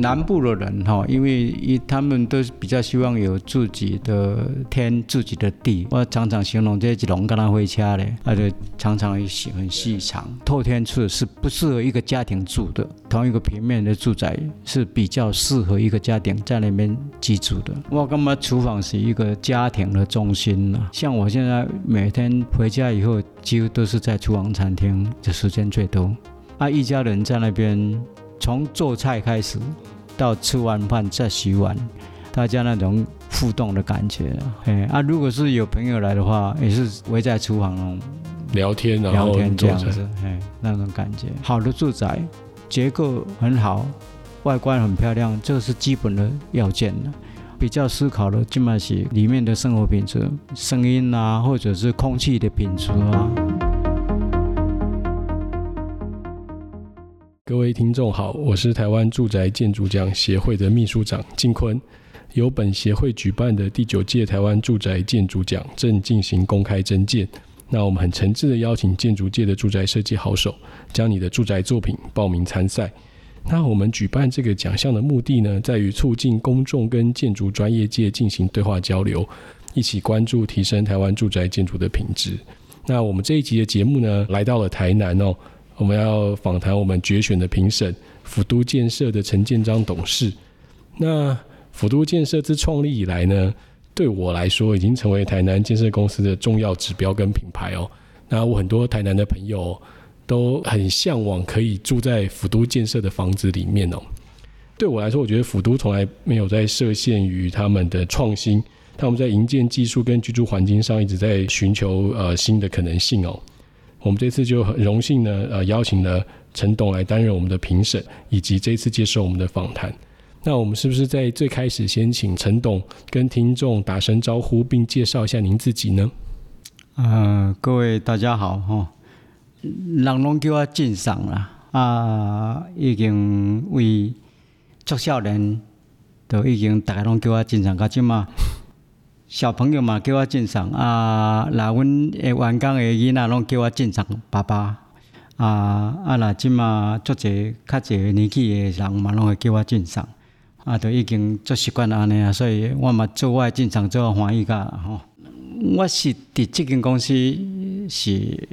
南部的人哈，因為一他們都是比較希望有自己的天、自己的地。我常常形容這些龍跟他回家嘞，它的常常細很細長，透天厝是不適合一個家庭住的。同一個平面的住宅是比較適合一個家庭在那邊居住的。我覺得，廚房是一個家庭的中心呢。像我現在每天回家以後，幾乎都是在廚房、餐廳的時間最多。啊，一家人在那邊從做菜開始。到吃完飯再洗碗，大家那種互動的感覺。啊，如果是有朋友來的話，也是圍在廚房聊天，然聊天，然後這樣子，那種感覺。好的住宅結構很好，外觀很漂亮，這是基本的要件了。比較思考的，就算是裡面的生活品質，聲音啊，或者是空氣的品質啊。各位聽眾好，我是台灣住宅建築獎協會的秘書長進坤。由本協會舉辦的第九屆台灣住宅建築獎正進行公開徵件。那我們很誠摯的邀請建築界的住宅設計好手，將你的住宅作品報名參賽。那我們舉辦這個獎項的目的呢，在於促進公眾跟建築專業界進行對話交流，一起關注提升台灣住宅建築的品質。那我們這一集的節目呢，來到了台南哦。我們要訪談我們決選的評審，府都建設的陳健章董事。那府都建設自創立以來呢，對我來說，已經成為台南建設公司的重要指標跟品牌哦。那我很多台南的朋友都很向往可以住在府都建設的房子裡面哦。對我來說，我覺得府都從來沒有在設限於他們的創新，他們在營建技術跟居住環境上一直在尋求呃新的可能性哦。我們這次就很榮幸呢，呃，邀請了陳董來擔任我們的評審，以及這次接受我們的訪談。那我們是不是在最開始先請陳董跟聽眾打聲招呼，並介紹一下您自己呢？啊、呃，各位大家好哈、哦，人攏叫我健桑啦，啊，已經為作少年都已經大家都叫我健桑噶進嘛。小朋友嘛，叫我健章啊！那阮誒，員工誒囡仔攏叫我健章，爸爸啊啊！若即馬做者較儕年紀誒人嘛，攏會叫我健章啊！都已經做習慣安尼啊，所以我嘛做我誒健章，做啊歡喜甲吼。我是佇即間公司是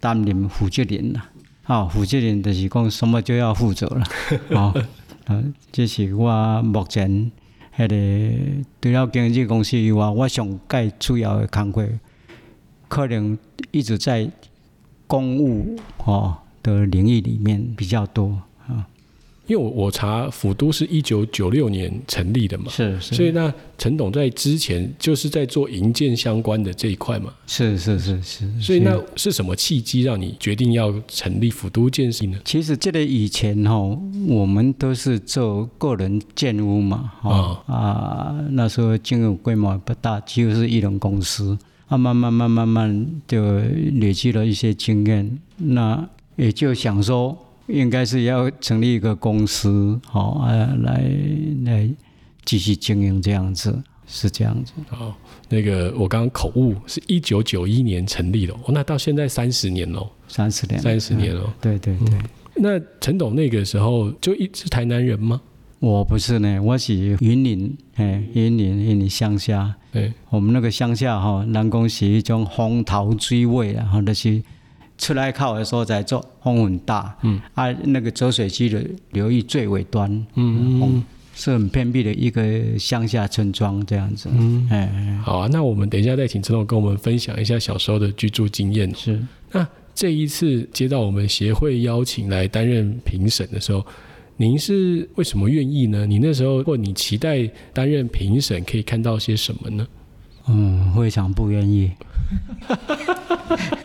擔任負責人吶，吼負責人著是講什麼就要負責啦吼。啊、 哦，這是我目前。那個除了經紀公司以外，我想最主要的工作可能一直在公務哦的領域裡面比較多。因為我查府都是一九九六年成立的嘛，是是，所以那陳董在之前就是在做營建相關的這一塊嘛，是是是是，是，所以那是什麼契機讓你決定要成立府都建設呢？其實這個以前哈，我們都是做個人建屋嘛，嗯、啊啊，那時候經營規模不大，就是一人公司，啊，慢慢慢慢慢就累積了一些經驗，那也就想說。應該是要成立一個公司，好、哦啊，來來繼續經營這樣子，是這樣子。哦，那個我剛剛口誤，是一九九一年成立的，哦、那到現在三十年了。三十年，三十年了。對對對，對、嗯。那陳董那個時候就一直是台南人嗎？我不是呢，我是雲林，哎、欸，雲林雲林鄉下，我們那個鄉下哈，南公是一種紅桃追味啊，那些。出來靠的時候，在做風很大。嗯，啊，那個濁水溪的流域最尾端，嗯，嗯，嗯，是很偏僻的一個鄉下村莊這樣子。嗯，哎、嗯嗯，好啊，那我們等一下再請陳總跟我們分享一下小時候的居住經驗。是，那這一次接到我們協會邀請來擔任評審的時候，您是為什麼願意呢？你那時候或你期待擔任評審，可以看到些什麼呢？嗯，非常不願意。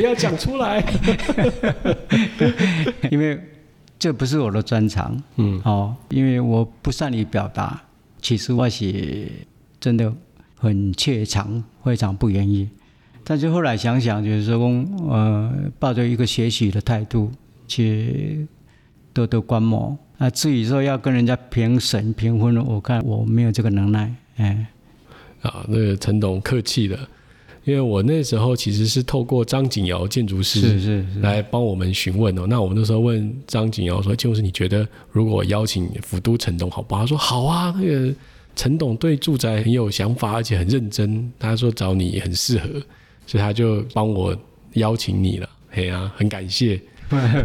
不要講出來 因為這不是我的專長。嗯，哦，因為我不善於表達。其實我是真的很怯場，非常不願意。但是後來想想，就是說，嗯、呃，抱着一個學習的態度去多多觀摩。那至於說要跟人家評審評分，我看我沒有這個能耐。嗯、哎，啊，那個陳董客氣了。因為我那時候其實是透過張景堯建築師是是是來幫我們詢問哦、喔，那我們那時候問張景堯說：“就是你覺得如果我邀請府都陳董好不好？”他說：“好啊，那個陳董對住宅很有想法，而且很認真。”他說：“找你也很適合，所以他就幫我邀請你了。”嘿呀，很感謝。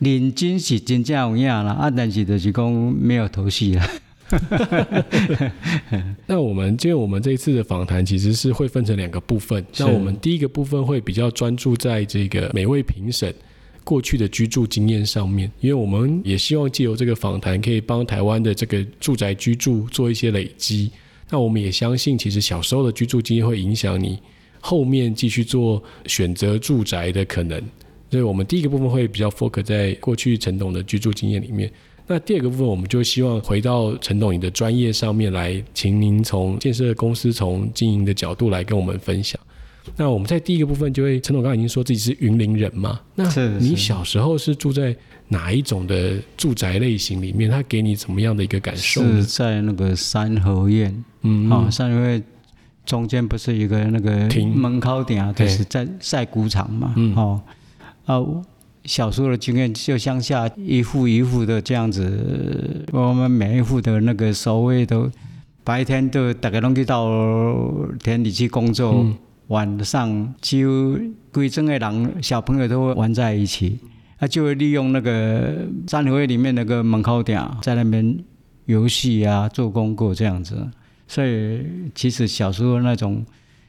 認真是真正有影啦，啊，但是就是講沒有頭緒啦。 那我們，因為我們這一次的訪談其實是會分成兩個部分。那我們第一個部分會比較專注在這個每位評審過去的居住經驗上面，因為我們也希望借由這個訪談，可以幫台灣的這個住宅居住做一些累積。那我們也相信，其實小時候的居住經驗會影響你後面繼續做選擇住宅的可能。所以我們第一個部分會比較 focus 在過去陳董的居住經驗裡面。那第二個部分，我們就希望回到陳董你的專業上面來，請您從建設公司從經營的角度來跟我們分享。那我們在第一個部分，就會陳董剛剛已經說自己是雲林人嘛，那你小時候是住在哪一種的住宅類型裡面？它給你怎麼樣的一個感受？是在那個三合院，嗯，啊、嗯，三合院中間不是一個那個門口埕啊，對是在曬穀場嘛，嗯，哦，啊。小時候的經驗就鄉下一戶一戶的這樣子，我們每一戶的那個守衛都白天都大概能去到田裡去工作，嗯，晚上就規整的人小朋友都會玩在一起，啊，就會利用那個三合院裡面那個門口埕，在那邊遊戲啊，做功課這樣子。所以，其實小時候那種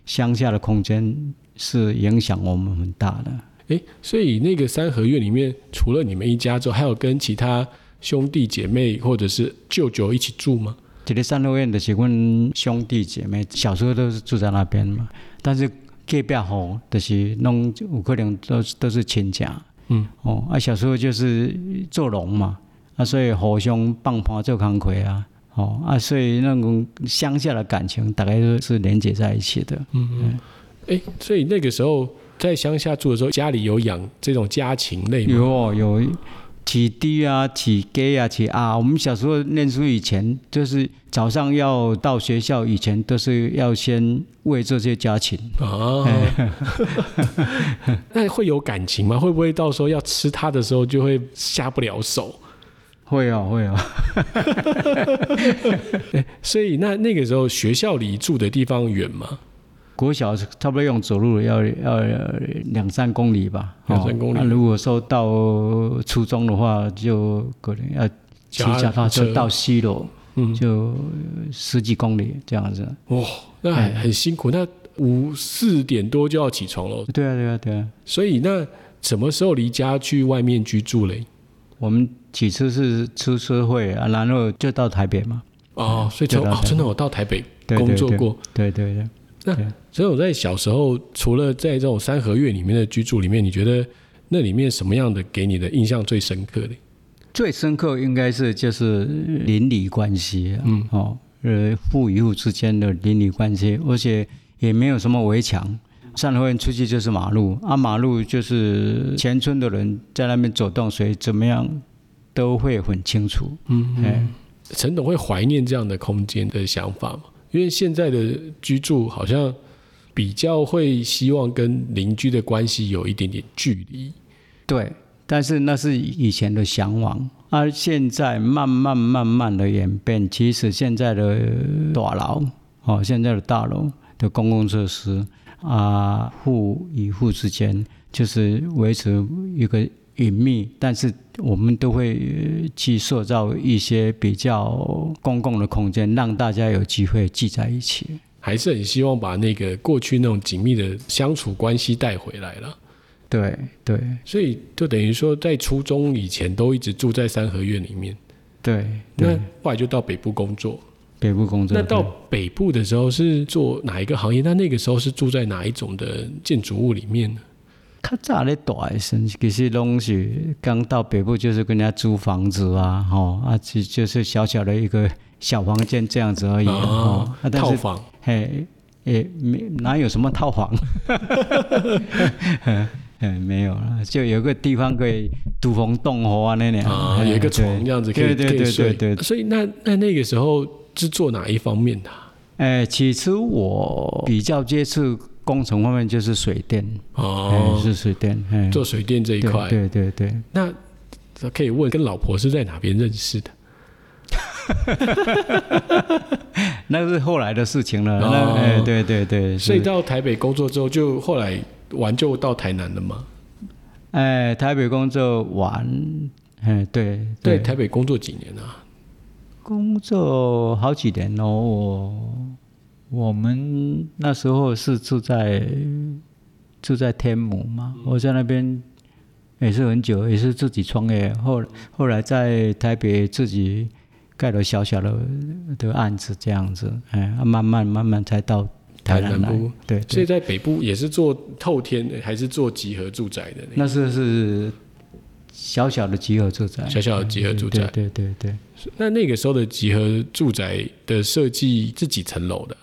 鄉下的空間是影響我們很大的。哎，所以那個三合院裡面，除了你們一家之外，還有跟其他兄弟姐妹或者是舅舅一起住嗎？這個三合院就是阮兄弟姐妹小時候都是住在那邊嘛，但是隔壁戶就是弄有可能都都是親家。嗯哦，啊小時候就是做農嘛，啊所以互相幫忙做扛虧啊，哦啊所以那種鄉下的感情大概都是連接在一起的。嗯嗯，哎，所以那個時候。在鄉下住的時候，家裡有養這種家禽類嗎？有，有，起雞啊，起雞啊，起啊。我們小時候念書以前，就是早上要到學校以前，都是要先餵這些家禽。哦、啊， 那會有感情嗎？會不會到時候要吃它的時候就會下不了手？會啊、哦，會啊、哦。 所以，那那個時候學校離住的地方遠嗎？國小差不多用走路要要兩三公里吧，兩、哦、三公里。那、啊、如果說到初中的話，就可能要騎腳踏車就到西螺，嗯，就十幾公里這樣子。哇、哦，那很辛苦、欸，那五四點多就要起床了。對啊，對啊，對啊。所以那什麼時候離家去外面居住嘞？我們起初是出社會啊，然後就到台北嘛。哦，所以就哦，真的我到台北工作過，對對對。對對對對那所以我在小時候，除了在這種三合院裡面的居住裡面，你覺得那裡面什麼樣的給你的印象最深刻的？最深刻應該是就是鄰里關係、啊，嗯，哦，呃，戶與戶之間的鄰里關係，而且也沒有什麼圍牆，三合院出去就是馬路，啊，馬路就是全村的人在那邊走動，所以怎麼樣都會很清楚。嗯，哎、嗯，陳董會懷念這樣的空間的想法嗎？因為現在的居住好像比較會希望跟鄰居的關係有一點點距離，對，但是那是以前的嚮往，而、啊、現在慢慢慢慢的演變，其實現在的大樓，哦，現在的大樓的公共設施啊，戶與戶之間就是維持一個。隱秘，但是我們都會去塑造一些比較公共的空間，讓大家有機會聚在一起。還是很希望把那個過去那種緊密的相處關係帶回來了。對對，所以就等於說，在初中以前都一直住在三合院裡面。對，對那後來就到北部工作。北部工作，那到北部的時候是做哪一個行業？那那個時候是住在哪一種的建築物裡面呢？較早咧大生，其實攏是剛到北部，就是跟人家租房子啊，哦、喔，啊，就就是小小的一個小房間這樣子而已，哦、啊喔，套房，嘿、啊，誒，沒、欸欸、哪有什麼套房，嗯、 欸欸，沒有啦，就有個地方可以躲風擋雨啊，那裡啊，有一個床這樣子可以，對對對對，可以對對對對。所以那那那個時候是做哪一方面的、啊？誒、欸，起初我比較接觸。工程方面就是水電哦、欸，是水電、欸，做水電這一塊，對對對，對。那可以問，跟老婆是在哪邊認識的？ 那是後來的事情了。哎、哦欸，對對對。所以到台北工作之後，就後來完就到台南了嗎？哎、欸，台北工作完，哎、欸、對對，對，台北工作幾年啊？工作好幾年哦。我們那時候是住在住在天母嘛，我在那邊也是很久，也是自己創業。後後來在台北自己蓋了小小的的案子這樣子，哎，啊、慢慢慢慢才到台南來，台南部，對。對，所以在北部也是做透天，還是做集合住宅的那。那是是小小的集合住宅，小小的集合住宅。對對對，對，對。那那個時候的集合住宅的設計是幾層樓的？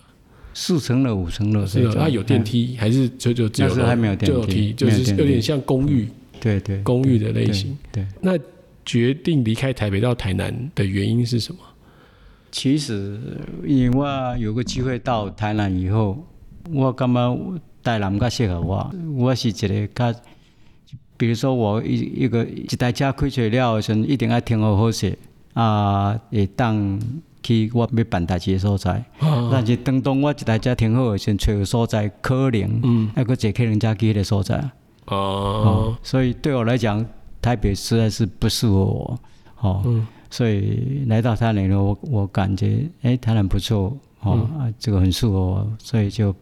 四層樓、五層樓，是啊，有電梯、嗯、還是就就只有就有，電梯，有梯，沒電梯，就是有點像公寓，嗯、對，對對，公寓的類型。對，對，對，那決定離開，開台北到台南的原因是什麼？其實因為我有個機會到台南以後，我感覺台南比較適合我。我是一個，他比如說我一個一個一台車開出去了的一定要聽我呼吸啊，也當去我要辦大事的所在、啊，但是等當我一大家挺好的，先找個所在可能，那個借客人家己的所在。哦，所以對我來講，台北實在是不適合我。哦、嗯，所以來到台南後，我感覺哎、欸，台南不錯哦、嗯啊，這個很適合我，所以就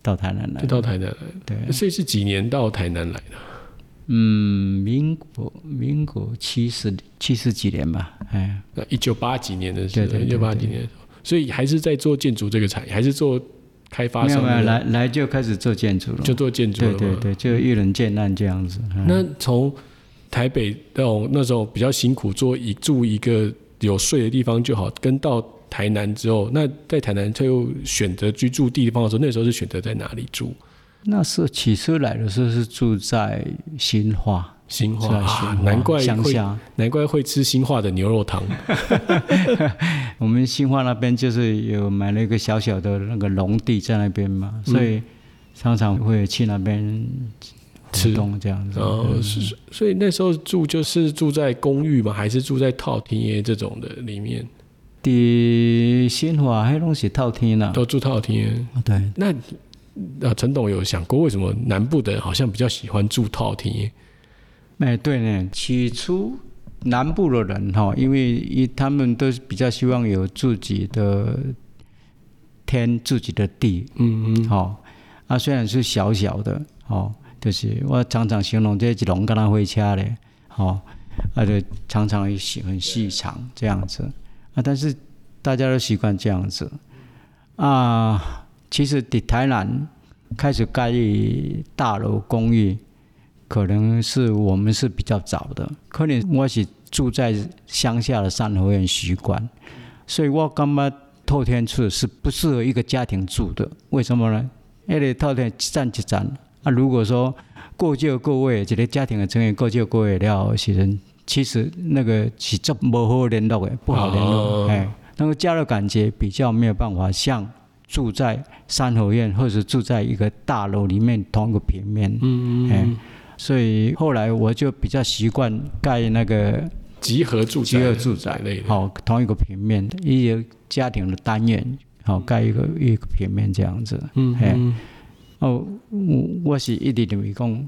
到台南來。就到台南來，對。所以是幾年到台南來的？嗯，民國民國七十七十幾年吧，哎，對對對對，一九八幾年的時候，一九八幾年，所以還是在做建築這個產業，還是做開發商？沒有沒有，來，來就開始做建築了，就做建築，對對對，就一人艱難這樣子。嗯，那從台北到那，那時候比較辛苦，做一住一個有睡的地方就好。跟到台南之後，那在台南他又選擇居住地方的時候，那時候是選擇在哪裡住？那是起初來的時候是住在新化、新化、新化啊，難怪，難怪會吃新化的牛肉湯。 我們新化那邊就是有買了一個小小的那個農地在那邊嘛，嗯、所以常常會去那邊吃。這、哦、樣，然所以那時候住就是住在公寓嘛，還是住在套廳這種的裡面。的新化還有東西套廳呢？啊，都住套廳、啊。對，那。啊，陳董有想過為什麼南部的人好像比較喜歡住透天？哎，對呢。起初南部的人哈、哦，因為一他們都是比較希望有自己的天、自己的地。嗯嗯，好、哦。啊，雖然是小小的哦，就是我常常形容這只龍跟他灰車嘞，哦，啊，就常長、細、很細長這樣子。啊，但是大家都習慣這樣子啊。其實，佇台南開始蓋大樓公寓，可能是我們是比較早的。可能我是住在鄉下的三合院習慣，所以我感覺透天厝是不適合一個家庭住的。為什麼呢？因為那個透天一站一站啊，如果說各就各位，一個家庭的成員各就各位了，其實其實那個是真無好聯絡的，不好聯絡。哦哦哦哦哎，那個家的感覺比較沒有辦法像。住在三合院，或者是住在一個大樓裡面同一個平面。嗯嗯嗯、欸。所以後來我就比較習慣蓋那個集合住宅、集合住宅類，類。好，同一個平面一些家庭的單元，好蓋一個一個平面這樣子。嗯、欸、嗯哦，我是一直以為，講，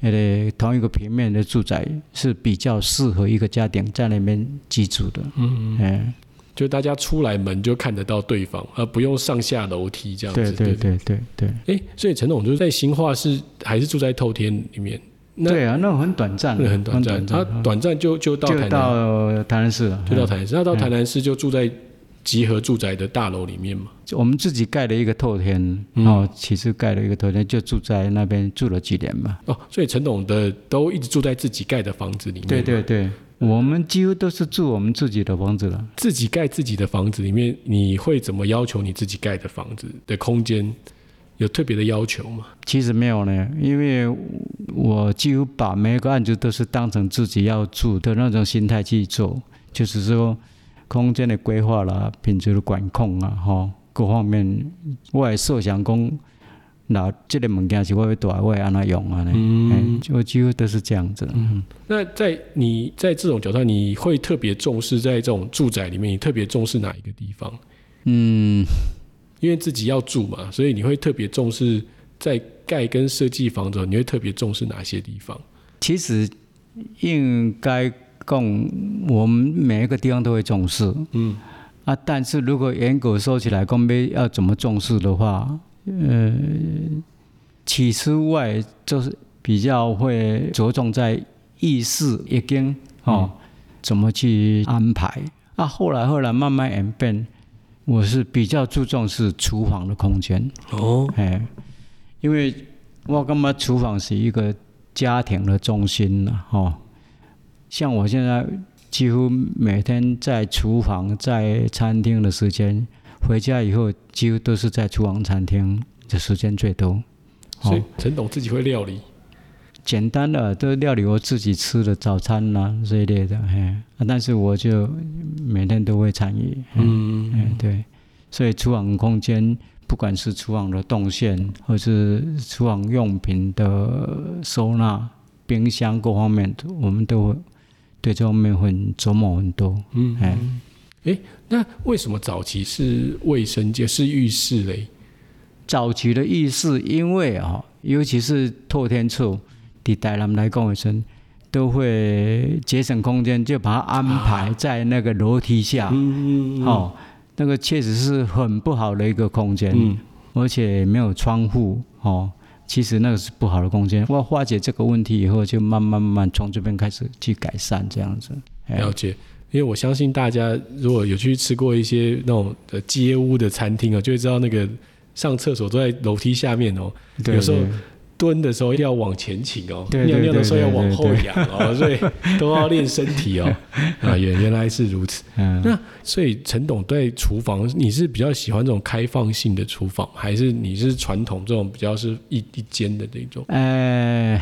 呃，同一個平面的住宅是比較適合一個家庭在裡面居住的。嗯嗯嗯。欸就大家出來門就看得到對方，而、呃、不用上下樓梯這樣子。對對對對哎，所以陳董就是在新化市還是住在透天裡面？對啊，那種很、啊、很短暫，很短暫。他短暫就、哦、就到台到台南市了，就到台南市。那、嗯、到台南市就住在集合住宅的大樓裡面嘛。就我們自己蓋了一個透天，然後其實蓋了一個透天，就住在那邊住了幾年嘛。哦，所以陳董的都一直住在自己蓋的房子裡面。對對對。對我們幾乎都是住我們自己的房子了、嗯。自己蓋自己的房子裡面，你會怎麼要求你自己蓋的房子的空間有特別的要求嗎？其實沒有呢，因為我幾乎把每一個案子都是當成自己要住的那種心態去做，就是說空間的規劃啦、品質的管控啊、哈，各方面外設想工。那這個物件是我要帶，我安那用啊嘞，就、嗯、幾乎都是這樣子。嗯、那在你在這種角度上，你會特別重視在這種住宅裡面，你特別重視哪一個地方？嗯，因為自己要住嘛，所以你會特別重視在蓋跟設計房子，你會特別重視哪些地方？其實應該講我們每一個地方都會重視，嗯啊，但是如果嚴格說起來，講要怎麼重視的話。呃，起初我就是比較會着重在意事一經哦、嗯，怎麼去安排、嗯，啊，後來後來慢慢演變，我是比較注重是廚房的空間哦，哎、嗯，因為我感覺廚房是一個家庭的中心了哦。像我現在幾乎每天在廚房在餐廳的時間。回家以後，幾乎都是在廚房餐廳的時間最多。所以陳董自己會料理，哦、簡單的都料理我自己吃的早餐吶、啊、這一類的。哎、啊，但是我就每天都會參與。嗯嗯，對。所以廚房空間，不管是廚房的動線，或是廚房用品的收納、冰箱各方面，我們都會對這方面會琢磨很多。嗯。哎，那為什麼早期是衛生間是浴室嘞？早期的浴室，因為啊，尤其是透天厝地帶，他們來搞衛生，都會節省空間，就把它安排在那個樓梯下。嗯、啊、嗯嗯。哦，那個確實是很不好的一個空間，嗯，而且沒有窗戶。哦，其實那個是不好的空間。我發覺這個問題以後，就慢，慢慢慢從這邊開始去改善，這樣子。了解。因為我相信大家如果有去吃過一些那種街屋的餐廳啊，就會知道那個上廁所都在樓梯下面哦。對，對。有時候蹲的時候一定要往前傾哦，對對對對對對對，尿尿的時候要往後仰哦，所以都要練身體哦。啊，原原來是如此。嗯，那所以陳董對廚房，你是比較喜歡這種開放性的廚房，還是你是傳統這種比較是一一間的那種？呃，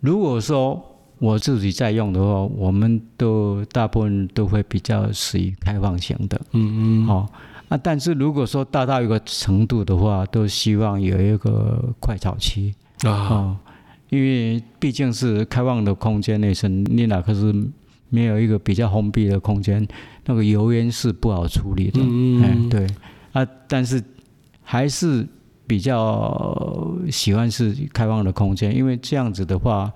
如果說。我自己在用的話，我們都大部分都會比較屬於開放型的。嗯嗯。好、哦、那、啊、但是如果說大到一個程度的話，都希望有一個快炒區啊、哦，因為畢竟是開放的空間內生，你哪怕是沒有一個比較封閉的空間，那個油煙是不好處理的。嗯嗯。對啊，但是還是比較喜歡是開放的空間，因為這樣子的話。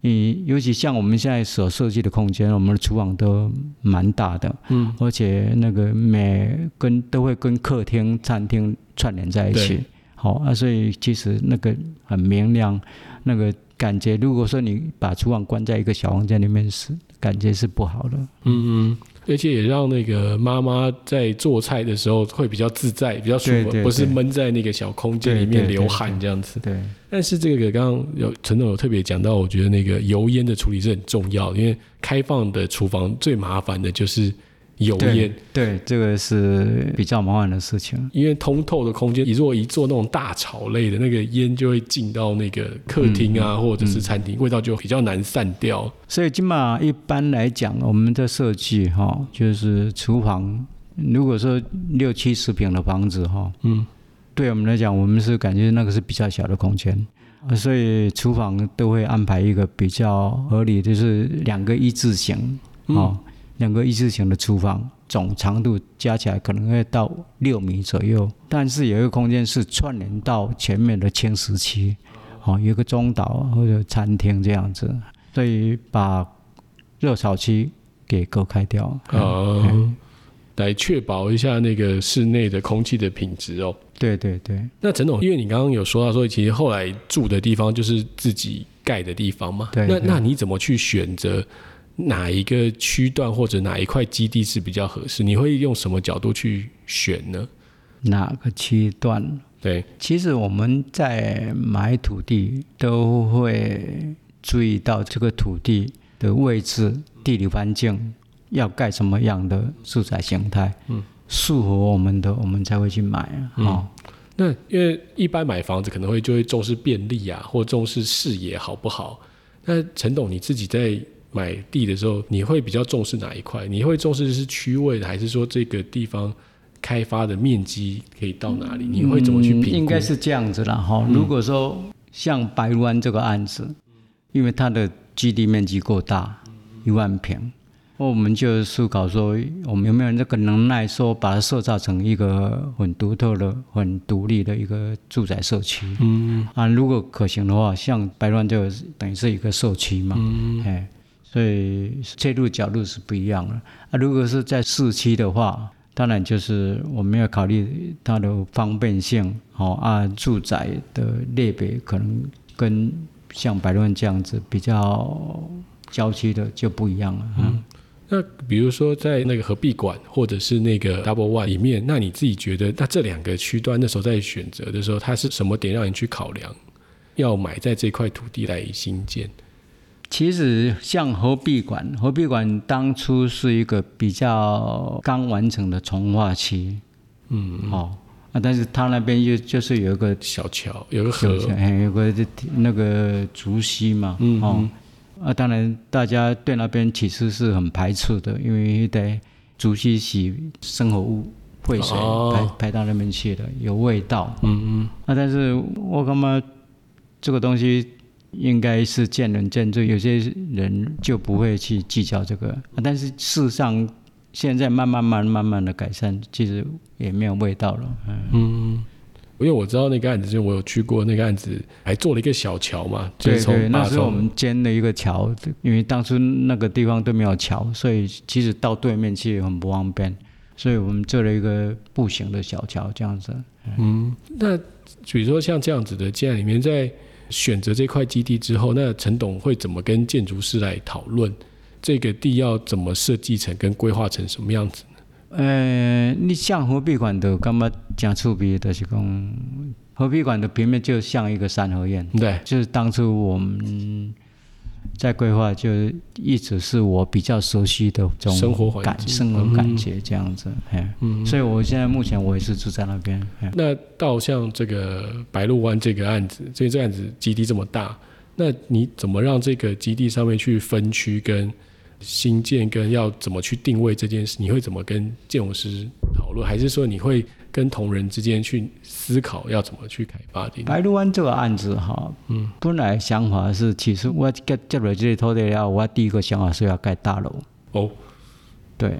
你尤其像我們現在所設計的空間，我們的廚房都蠻大的，嗯，而且那個每跟都會跟客廳、餐廳串聯在一起，好啊，所以其實那個很明亮，那個感覺，如果說你把廚房關在一個小房間裡面是。感覺是不好的，嗯嗯，而且也讓那個媽媽在做菜的時候會比較自在，比較舒服，對對對，不是悶在那個小空間裡面流汗這樣子。對，對，對，對，但是這個剛剛有陳總有特別講到，我覺得那個油煙的處理是很重要，因為開放的廚房最麻煩的就是。油煙對，對這個是比較麻煩的事情，因為通透的空間，你如果一做那種大炒類的，那個煙就會進到那個客廳啊，嗯、或者是餐廳、嗯，味道就比較難散掉。所以，起碼一般來講，我們的設計哈、哦，就是廚房，如果說六七十平的房子哈、哦，嗯，對我們來講，我們是感覺那個是比較小的空間，所以廚房都會安排一個比較合理，就是兩個一字型，嗯哦兩個一字形的廚房，總長度加起來可能會到六米左右，但是有一個空間是串聯到前面的輕食區，哦，有個中島或者餐廳這樣子，所以把熱炒區給隔開掉，啊嗯啊嗯，來確保一下那個室內的空氣的品質哦。對對對，那陳總，因為你剛剛有說到說，其實後來住的地方就是自己蓋的地方嘛，對對，那那你怎麼去選擇？哪一個區段或者哪一塊基地是比較合適？你會用什麼角度去選呢？哪個區段？對，其實我們在買土地都會注意到這個土地的位置、嗯、地理環境，要蓋什麼樣的住宅形態，嗯，適合我們的，我們才會去買啊、嗯哦嗯。那因為一般買房子可能會就會重視便利啊，或重視視野好不好？那陳董你自己在買地的時候，你會比較重視哪一塊？你會重視這是區位的，還是說這個地方開發的面積可以到哪裡？你會怎麼去評估？嗯、應該是這樣子啦。哈、哦嗯。如果說像白灣這個案子，因為它的基地面積夠大，一、嗯、萬坪，那我們就思考說，我們有沒有那個能耐，說把它塑造成一個很獨特的、很獨立的一個住宅社區？嗯啊，如果可行的話，像白灣就等於是一個社區嘛。嗯，所以切入角度是不一樣的啊。如果是在市區的話，當然就是我們要考慮它的方便性，好、哦、啊。住宅的類別可能跟像百倫這樣子比較郊區的就不一樣了嗯。嗯，那比如說在那個合璧館或者是那個 Double One 裡面，那你自己覺得那這兩個區端的時候在選擇的時候，它是什麼點讓你去考量要買在這塊土地來新建？其實，像何必館，何必館當初是一個比較剛完成的重劃區，嗯,嗯，好、哦，啊，但是他那邊又就是有一個小橋，有個橋有,、嗯、有個那個竹溪嘛，嗯,嗯，哦，啊，當然，大家對那邊其實是很排斥的，因為在竹溪洗生活污廢水、哦、排排到那邊去的，有味道，嗯嗯，啊，但是我感覺這個東西。應該是見仁見智，有些人就不會去計較這個、啊。但是事實上，現在慢慢慢慢慢的改善，其實也沒有味道了嗯。嗯，因為我知道那個案子，就我有去過那個案子，還做了一個小橋嘛。就是、對，對對，那時候我們建了一個橋，因為當初那個地方都沒有橋，所以其實到對面去很不方便，所以我們做了一個步行的小橋這樣子嗯。嗯，那比如說像這樣子的建裡面在。選擇這塊基地之後，那陳董會怎麼跟建築師來討論這個地要怎麼設計成、跟規劃成什麼樣子呢？呃，你像何必管的，幹嘛講粗別的，是講何必管的平面就像一個三合院，對，就是當初我們。在規劃就一直是我比較熟悉的這種感受、生活環境生活感覺這樣子，哎、嗯嗯，所以我現在目前我也是住在那邊。嗯、那到像這個白鷺灣這個案子，這個案子基地這麼大，那你怎麼讓這個基地上面去分區、跟新建、跟要怎麼去定位這件事？你會怎麼跟建築師討論，還是說你會？跟同仁之間去思考要怎麼去開發的。白鹿灣這個案子哈，嗯，本來想法是，其實我接接這裡土地啊，我第一個想法是要蓋大樓。哦，對，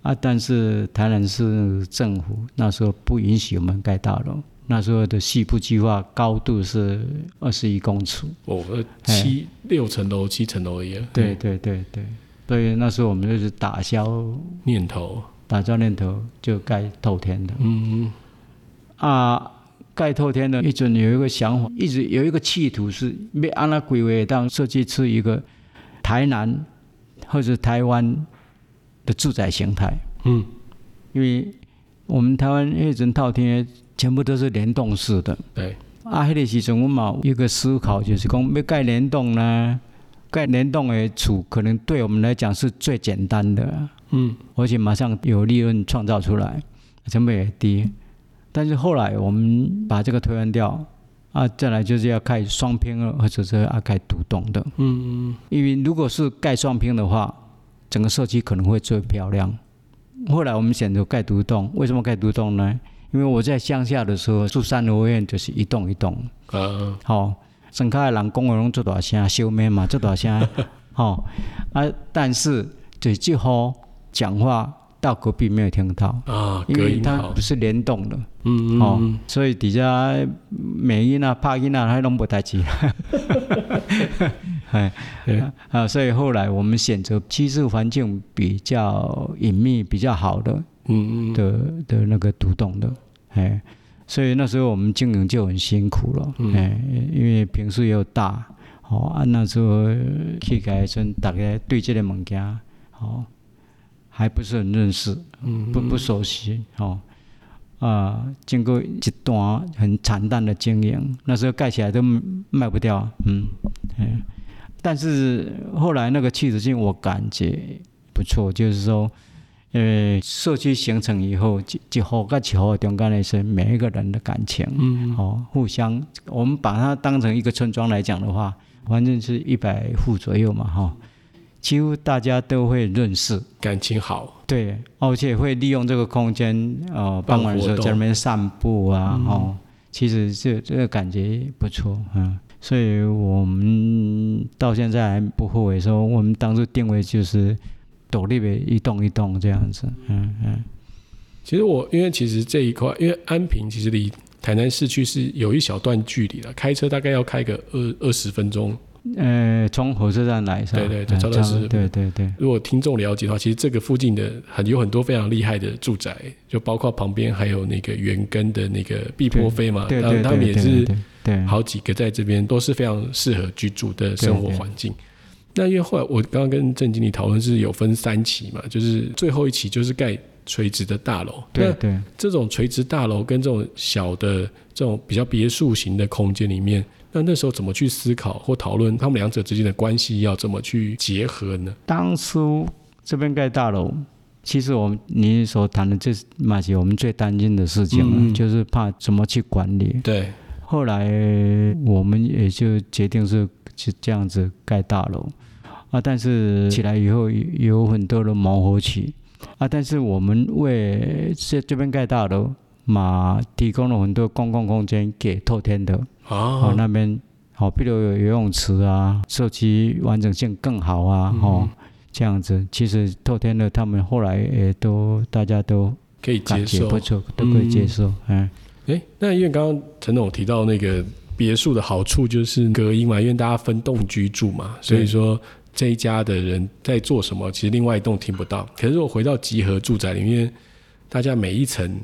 啊，但是台南市政府那時候不允許我們蓋大樓。那時候的細部計畫高度是二十一公尺。哦，七六層樓、七層樓而已，對對對對、嗯，所以那時候我們就是打消念頭。打造念頭就蓋透天的。嗯嗯，啊，蓋透天的，一直有一個想法，一直有一個企圖是，是要按了規劃當設計出一個台南或者是台灣的住宅形態，嗯，因為我們台灣一陣透天全部都是聯動式的，對，啊，迄個時陣我嘛有一個思考，就是講沒蓋聯動呢。蓋連棟的厝可能對我們來講是最簡單的，嗯，而且馬上有利潤創造出來，成本也低。但是後來我們把這個推翻掉啊，再來就是要蓋雙拼了，或者是要蓋獨棟的，嗯嗯，因為如果是蓋雙拼的話，整個社區可能會最漂亮。後來我們選擇蓋獨棟，為什麼蓋獨棟呢？因為我在鄉下的時候住三合院，就是一棟一棟，啊、嗯，好。上課的人講話攏做大聲，小妹嘛做大聲，吼啊！但是就只好講話到隔壁沒有聽到啊，因為它不是聯動的，嗯，嗯，嗯，吼、哦，所以底下美音啊、帕音啊還弄不太起，哎，啊、 嗯嗯嗯嗯嗯，所以後來我們選擇居住環境比較隱秘、比較好的，的，的，的，嗯嗯的的那個獨棟的，哎。所以那時候我們經營就很辛苦了，嗯,嗯，因為坪數又大，哦，啊、那時候去蓋起來，大家對這些物件，哦，還不是很認識，不不熟悉，哦，啊、呃，經過一段很慘淡的經營，那時候蓋起來都賣不掉，嗯嗯，但是後來那個氣質性我感覺不錯，就是說。呃，社區形成以後，和就就好個球，中間的是每一個人的感情，嗯嗯哦，互相，我們把它當成一個村莊來講的話，反正是一百戶左右嘛，哈、哦，幾乎大家都會認識，感情好，對，而且會利用這個空間，哦，傍晚的時候在那邊散步啊，哈、嗯嗯哦，其實這這個感覺不錯，嗯，所以我們到現在還不後悔說，說我們當初定位就是。獨立的，一棟一棟這樣子，嗯嗯。其實我因為其實這一塊，因為安平其實離台南市區是有一小段距離了，開車大概要開個二二十分鐘。呃，從火車站來是吧？對對對，趙老師、嗯，對對對。如果聽眾了解的話，其實這個附近的很有很多非常厲害的住宅，就包括旁邊還有那個原根的那個碧波飛嘛，當然他們也是對好幾個在這邊都是非常適合居住的生活環境。對對對那因為後來我剛剛跟鄭經理討論，是有分三期嘛，就是最後一期就是蓋垂直的大樓。對對，這種垂直大樓跟這種小的這種比較別墅型的空間裡面，那那時候怎麼去思考或討論他們兩者之間的關係，要怎麼去結合呢？當初這邊蓋大樓，其實我們你所談的這馬杰，我們最擔心的事情、嗯、就是怕怎麼去管理。對，後來我們也就決定是。是這樣子蓋大樓啊，但是起來以後有很多的磨合期啊。但是我們為這這邊蓋大樓嘛，提供了很多公共空間給透天的哦、啊啊。那邊好，比如有游泳池啊，設計完整性更好啊，哦、嗯，這樣子其實透天的他們後來也都大家都可以接受，不錯、嗯，都可以接受。誒、嗯欸，那因為剛剛陳總提到那個。別墅的好處就是隔音嘛，因為大家分棟居住嘛，所以說這一家的人在做什麼，其實另外一棟聽不到。可是我回到集合住宅裡面，大家每一層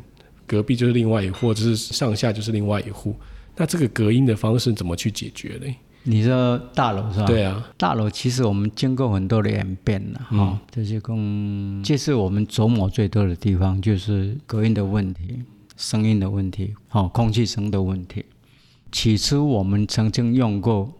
隔壁就是另外一戶，或者是上下就是另外一戶，那這個隔音的方式怎麼去解決呢？你說大樓是吧？對啊，大樓其實我們經過很多的演變了哈，這些工這是我們琢磨最多的地方，就是隔音的問題、聲音的問題、好、哦、空氣聲的問題。起初我們曾經用過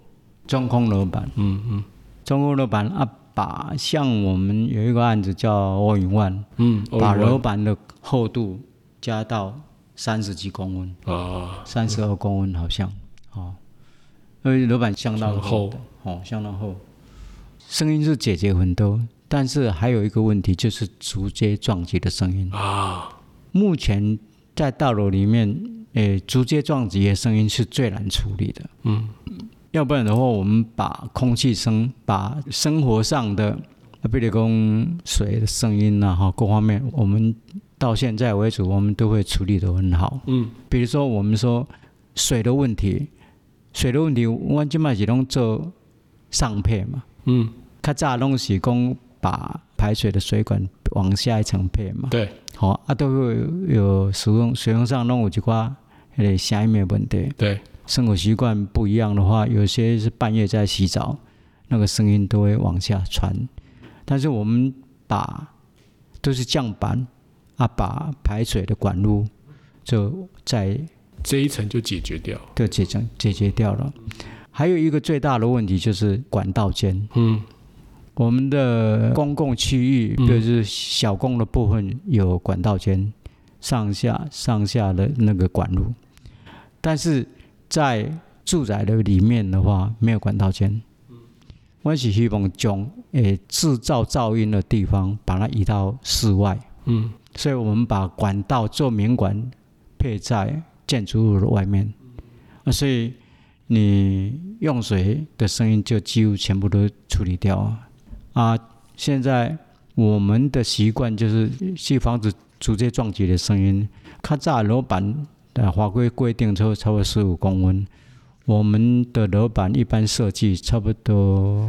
中空樓板，嗯嗯，中空樓板啊把像我們有一個案子叫奧運萬，嗯，把樓板的厚度加到三十幾公分，哦，三十二公分好像哦，哦，因為樓板相當厚的，哦，相當厚，聲音是解決很多，但是還有一個問題就是直接撞擊的聲音，哦，目前在大樓裡面。誒，直接撞擊的聲音是最難處理的。嗯，要不然的話，我們把空氣聲、把生活上的，比如講水的聲音啊哈，各方面，我們到現在為止，我們都會處理得很好。嗯，比如說我們說水的問題，水的問題，我今擺是攏做上配嘛。嗯，較早攏是講把排水的水管往下一層配嘛。對。好、哦、啊，都會有使用使用上弄有幾塊，欸，聲音的問題。對，生活習慣不一樣的話，有些是半夜在洗澡，那個聲音都會往下傳。但是我們把都是降板啊，把排水的管路就在這一層就解決掉了，就解決解決掉了，嗯。還有一個最大的問題就是管道間，嗯。我們的公共區域，就是小公的部分、嗯，有管道間上下上下的那個管路，但是在住宅的裡面的話，嗯、沒有管道間。嗯、我是希望將誒製造噪音的地方，把它移到室外。嗯，所以我們把管道做明管，配在建築物的外面、嗯。所以你用水的聲音就幾乎全部都處理掉了。啊，現在我們的習慣就是去防止直接撞擊的聲音。它在樓板的法規規定說，超過十五公分，我們的樓板一般設計差不多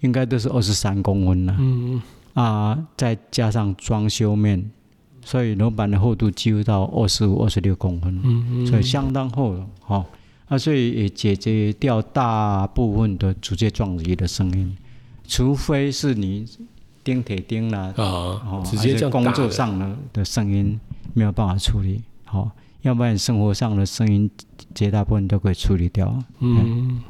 應該都是二十三公分了、啊嗯。啊，再加上裝修面，所以樓板的厚度幾乎到二十五、二十六公分嗯嗯。所以相當厚了哈。那、哦啊、所以也解決掉大部分的直接撞擊的聲音。除非是你釘鐵釘了啊，啊、哦，直接工作上的聲音的沒有辦法處理好、哦，要不然生活上的聲音絕大部分都可以處理掉。嗯，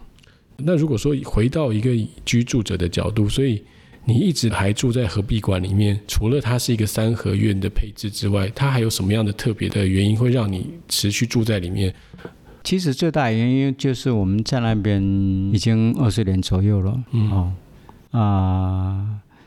那、嗯、如果說回到一個居住者的角度，所以你一直還住在何必館裡面，除了它是一個三合院的配置之外，它還有什麼樣的特別的原因會讓你持續住在裡面？嗯、其實最大的原因就是我們在那邊已經二十年左右了，嗯哦啊、uh,，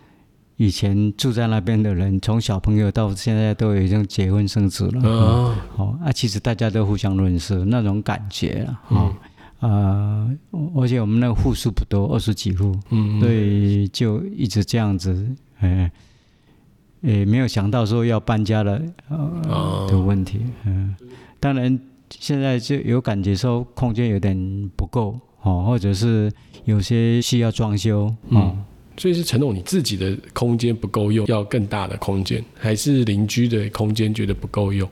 以前住在那邊的人，從小朋友到現在都已經結婚生子了。哦，好，啊，其實大家都互相認識，那種感覺啊，uh, uh -huh. uh, 而且我們那個戶數不多，二十幾戶，uh -huh. 所以就一直這樣子，哎、uh,，也沒有想到說要搬家了的,、uh, uh -huh. 的問題。嗯、uh,，當然現在就有感覺說空間有點不夠。哦，或者是有些需要裝修、哦，嗯，所以是陳總，你自己的空間不夠用，要更大的空間，還是鄰居的空間覺得不夠用？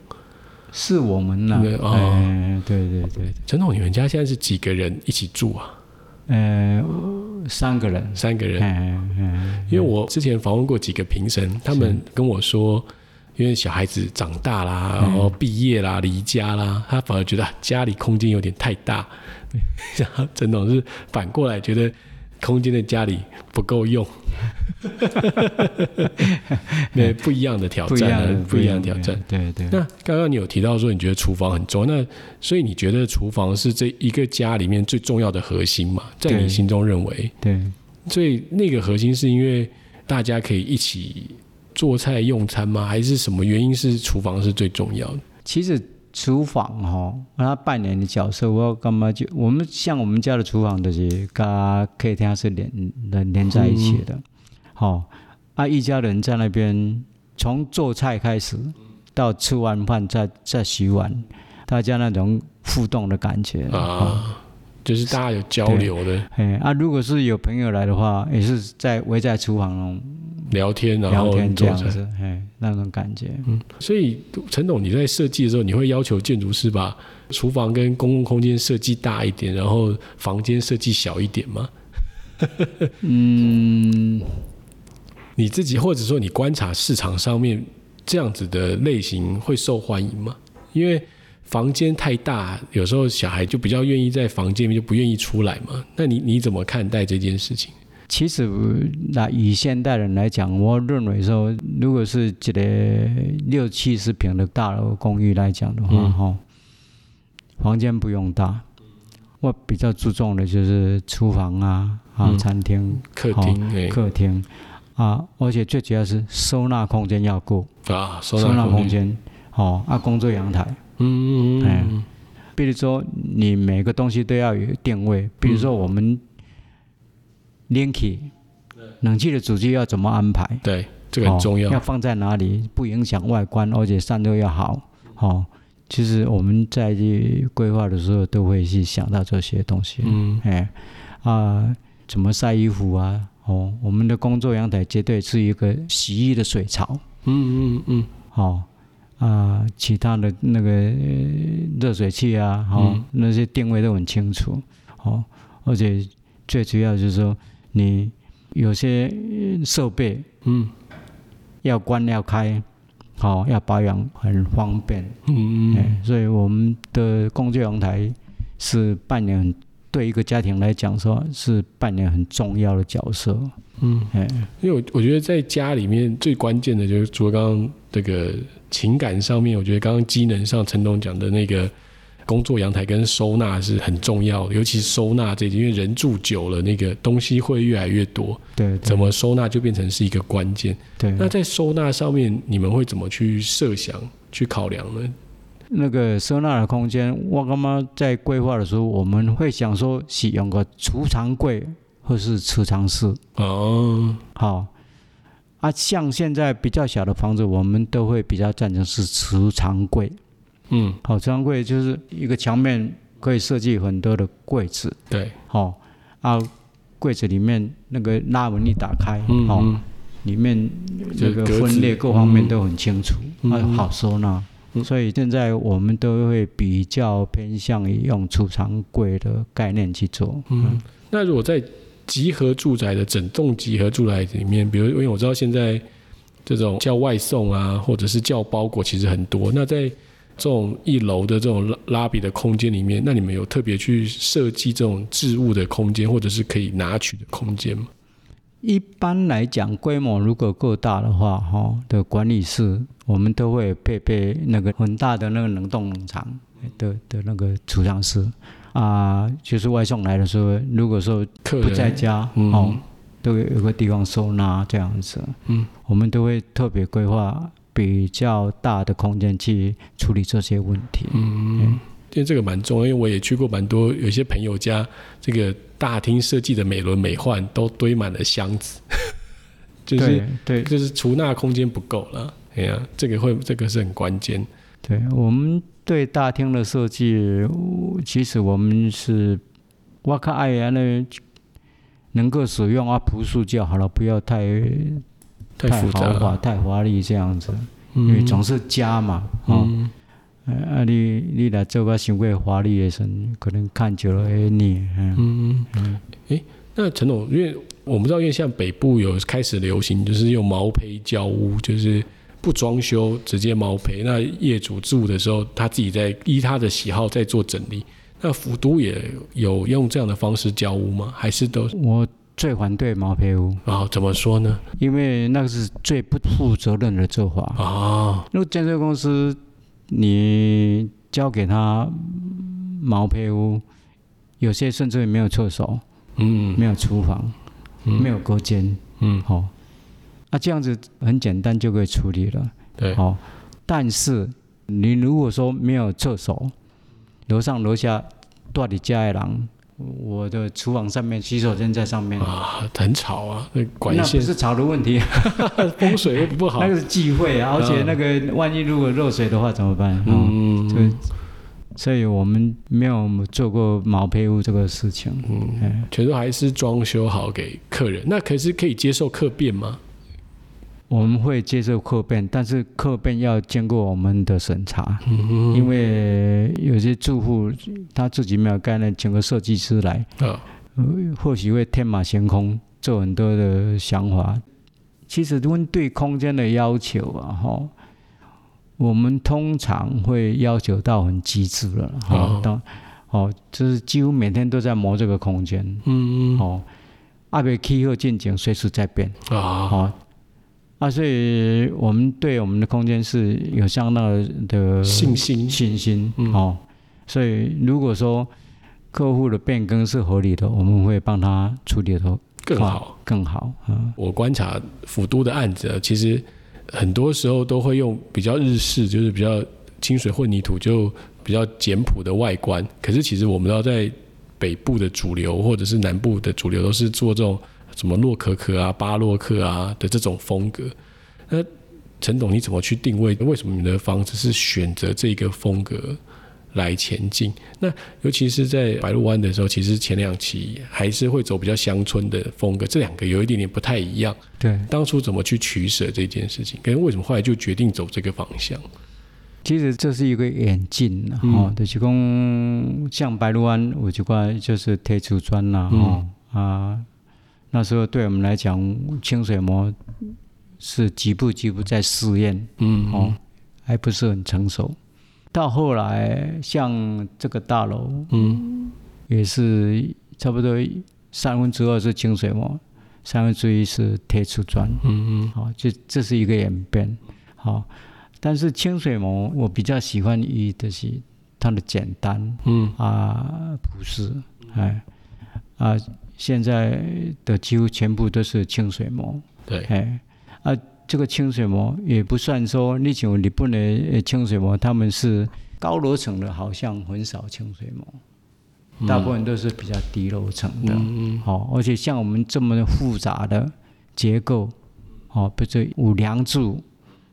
是我們呢、啊嗯？哦、欸，對對對，陳總，你們家現在是幾個人一起住啊？呃、欸，三個人，三個人。嗯、欸欸，因為我之前訪問過幾個評審，他們跟我說。因為小孩子長大啦，然後畢業啦，離家啦、嗯，他反而覺得、啊、家裡空間有點太大，然 後真的是反過來覺得空間的家裡不夠用。哈哈哈哈哈！那不一樣的挑戰，不一樣的，一樣的，一樣的，一樣的挑戰，對對，對。那剛剛你有提到說你覺得廚房很重要，那所以你覺得廚房是這一個家裡面最重要的核心嘛？在你心中認為？對。對所以那個核心是因為大家可以一起。做菜用餐嗎？還是什麼原因？是廚房是最重要的？其實廚房哈、哦，它扮演的角色，我幹嘛就我們像我們家的廚房，就是跟客廳是連、連、連在一起的。好、嗯哦，啊，一家人在那邊從做菜開始，到吃完飯再再洗碗，大家那種互動的感覺啊。哦就是大家有交流的，哎啊，如果是有朋友來的話，也是在圍在廚房聊天，然後聊天這樣子，哎，那種感覺。嗯，所以陳總，你在設計的時候，你會要求建築師把廚房跟公共空間設計大一點，然後房間設計小一點嗎？ 嗯，你自己或者說你觀察市場上面這樣子的類型會受歡迎嗎？因為。房間太大，有時候小孩就比較願意在房間裡面，就不願意出來嘛。那你你怎麼看待這件事情？其實那以現代人來講，我認為說，如果是這個六七十平的大樓公寓來講的話，哈、嗯，房間不用大。我比較注重的就是廚房啊啊、嗯，餐廳、客廳、哦、客廳啊、哎，而且最主要是收納空間要夠啊，收納空間好啊，工作陽台。嗯嗯嗯、哎，比如說你每個東西都要有定位，嗯、比如說我們 linky 冷，冷氣的主機要怎麼安排？對，這個很重要，哦、要放在哪裡不影響外觀，而且散熱要好。哦，其、就、實、是、我們在去規劃的時候都會去想到這些東西。嗯，哎，啊、呃，怎麼曬衣服啊？哦，我們的工作陽台絕對是一個洗衣的水槽。嗯嗯嗯，好、嗯。哦啊、呃，其他的那個熱水器啊，哈、哦嗯，那些定位都很清楚，好、哦，而且最主要就是說，你有些設備，嗯，要關要開，好、哦，要保養很方便，嗯嗯，欸、所以我們的工作陽台是扮演對一個家庭來講說，是扮演很重要的角色。嗯，哎，因為我我覺得在家裡面最關鍵的就是，除了剛剛這個情感上面，我覺得剛剛機能上，陳總講的那個工作陽台跟收納是很重要的，尤其收納這，因為人住久了，那個東西會越來越多，對，對，怎麼收納就變成是一個關鍵。對，那在收納上面，你們會怎麼去設想、去考量呢？那個收納的空間，我剛剛在規劃的時候，我們會想說使用個儲藏櫃。或是儲藏室哦，oh. 好啊，像現在比較小的房子，我們都會比較贊成是儲藏櫃。嗯，好，儲藏櫃就是一個牆面可以設計很多的櫃子。對，好、哦、啊，櫃子裡面那個拉門一打開，嗯，哦、裡面這個分類各方面都很清楚，嗯，好收納、嗯。所以現在我們都會比較偏向於用儲藏櫃的概念去做。嗯，嗯那如果在集合住宅的整棟集合住宅裡面，比如因為我知道現在這種叫外送啊，或者是叫包裹，其實很多。那在這種一樓的這種 lobby 的空間裡面，那你們有特別去設計這種置物的空間，或者是可以拿取的空間嗎？一般來講，規模如果夠大的話，哈、哦、的管理室我們都會配備那個很大的那個冷凍冷藏的的那個儲藏室。啊、呃，就是外送來的時候，如果說不在家客人哦、嗯，都有個地方收納這樣子。嗯，我們都會特別規劃比較大的空間去處理這些問題。嗯，因為這個蠻重要，因為我也去過蠻多，有些朋友家這個大廳設計的美輪美奐，都堆滿了箱子， 就是對，對，就是儲納空間不夠了。哎呀、啊，這個會，這個是很關鍵。對我們。對大廳的設計，其實我們是，我看愛媛呢，能夠使用啊，樸素就好了，不要太太複雜化，太華麗這樣子，嗯，因為總是家嘛，哦嗯、啊，啊你你來做個行為華麗的，什可能看久了會膩，嗯嗯，哎、欸，那陳總，因為我不知道，因為像北部有開始流行，就是用毛坯交屋，就是。不裝修直接毛坯，那業主住的時候，他自己在依他的喜好在做整理。那府都也有用這樣的方式交屋嗎？還是都我最反對毛坯屋啊、哦？怎麼說呢？因為那個是最不負責任的做法啊。那、哦、建設公司，你交給他毛坯屋，有些甚至也沒有廁所，嗯，沒有廚房有，嗯，沒有隔間，嗯，好。那、啊、這樣子很簡單就可以處理了，對，好、哦。但是你如果說沒有廁所，樓上樓下斷底加一廊，我的廚房上面洗手間在上面啊，很吵啊，那管線那不是吵的問題，風 水不好，那個是忌諱啊、嗯。而且那個萬一如果漏水的話怎麼辦？哦、嗯，所以，所以我們沒有做過毛坯屋這個事情，嗯，哎、全都還是裝修好給客人。那可是可以接受客變嗎？我們會接受客變，但是客變要經過我們的審查，嗯、因為有些住戶他自己沒有概念，請個設計師來、啊，或許會天馬行空，做很多的想法。嗯、其實我們對空間的要求啊，哈、哦，我們通常會要求到很極致了，好、啊、到，好、哦、就是幾乎每天都在磨這個空間，嗯，嗯，好、哦，阿北氣候、環境隨時在變，啊，好、哦。啊，所以我們對我們的空間是有相當的，的信心，信心，嗯、哦。所以如果說客戶的變更是合理的，我們會幫他處理的更好，更好啊，嗯。我觀察府都的案子，其實很多時候都會用比較日式，就是比較清水混凝土，就比較簡樸的外觀。可是其實我們要在北部的主流，或者是南部的主流，都是做這種。什麼洛可可啊、巴洛克啊的這種風格？那陳總，你怎麼去定位？為什麼你的房子是選擇這個風格來前進？那尤其是在白鷺灣的時候，其實前兩期還是會走比較鄉村的風格，這兩個有一點點不太一樣。對，當初怎麼去取捨這件事情？跟為什麼後來就決定走這個方向？其實這是一個演進哈、嗯哦，就是講像白鷺灣，我就過來就是貼瓷磚啦，哈啊。嗯啊那時候對我們來講，清水模是局部局部在試驗、嗯嗯，哦，還不是很成熟。到後來，像這個大樓，嗯，也是差不多三分之二是清水模，三分之一是貼瓷磚，嗯嗯，好、哦，這這是一個演變。好、哦，但是清水模我比較喜歡，一的是它的簡單，嗯啊，樸實，哎啊。現在的幾乎全部都是清水模，對，哎，啊，這個清水模也不算說，你想你不能清水模，他們是高樓層的，好像很少清水模，嗯、大部分都是比較低樓層的，好、嗯哦，而且像我們這麼複雜的結構，哦，比如說五梁柱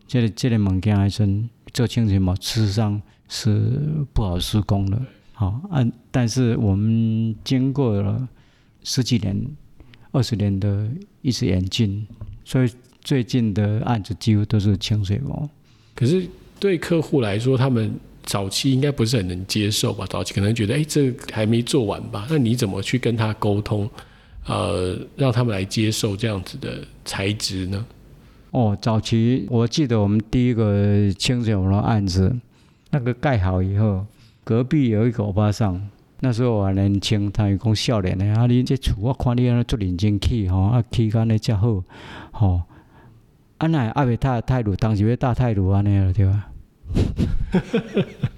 這裡、個、這裡、個、物件來算做清水模，事實上是不好施工的，好，但、哦啊、但是我們經過了。十幾年、二十年的一直演進，所以最近的案子，幾乎都是清水模。可是對客戶來說，他們早期應該不是很能接受吧？早期可能覺得，哎，這個還沒做完吧？那你怎麼去跟他溝通？呃，讓他們來接受這樣子的材質呢？哦，早期我記得我們第一個清水模的案子，那個蓋好以後，隔壁有一個歐巴桑。那時候我還年輕，他也講少年的。啊，恁這厝，我看恁安尼做認真氣吼，哦，啊，起間也真好，吼。啊，那內阿伯大態度，當時袂大態度安尼了對吧？哈哈哈！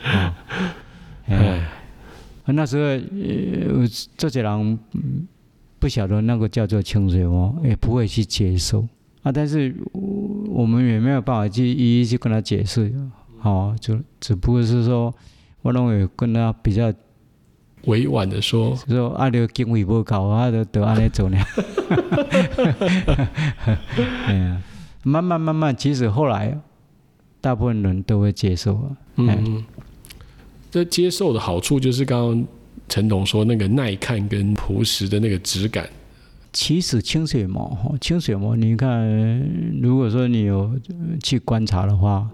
哈，嗯嗯嗯，哎，那時候這些人不曉得那個叫做清水模，也不會去接受。啊，但是我們也沒有辦法去一一去跟他解釋，哦，就只不過是說。我認為跟他比較委婉的說，說啊、就說阿廖經費不夠，阿得得阿里做呢。嗯、 啊，慢慢慢慢，其實後來大部分人都會接受啊、嗯。嗯，這接受的好處就是剛剛陳總說那個耐看跟樸實的那個質感。其實清水模哈，清水模，你看，如果說你有去觀察的話。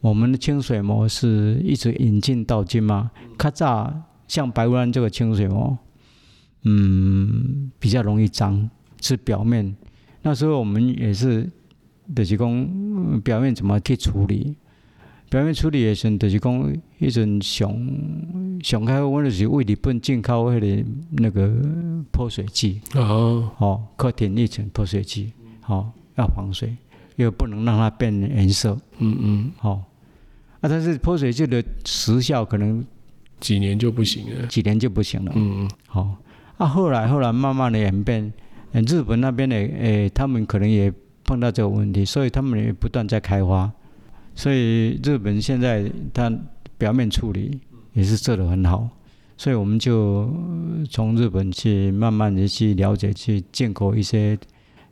我們的清水模是一直引進到今嘛，較早像白鎢藍這個清水模，嗯，比較容易髒，是表面。那時候我們也是，得、就是講表面怎麼去處理。表面處理也先得是講一種上上開我就是，的是為日本進口迄個那個潑水劑哦，好、哦，可填一層潑水劑，哦，要防水，又不能讓它變顏色，嗯嗯，好、嗯。哦啊，但是潑水劑的時效可能幾年就不行了，幾年就不行了。嗯，好。啊，後來後來慢慢的演變，欸，日本那邊的誒，他們可能也碰到這個問題，所以他們也不斷在開發。所以日本現在它表面處理也是做得很好，所以我們就從日本去慢慢的去了解，去進口一些。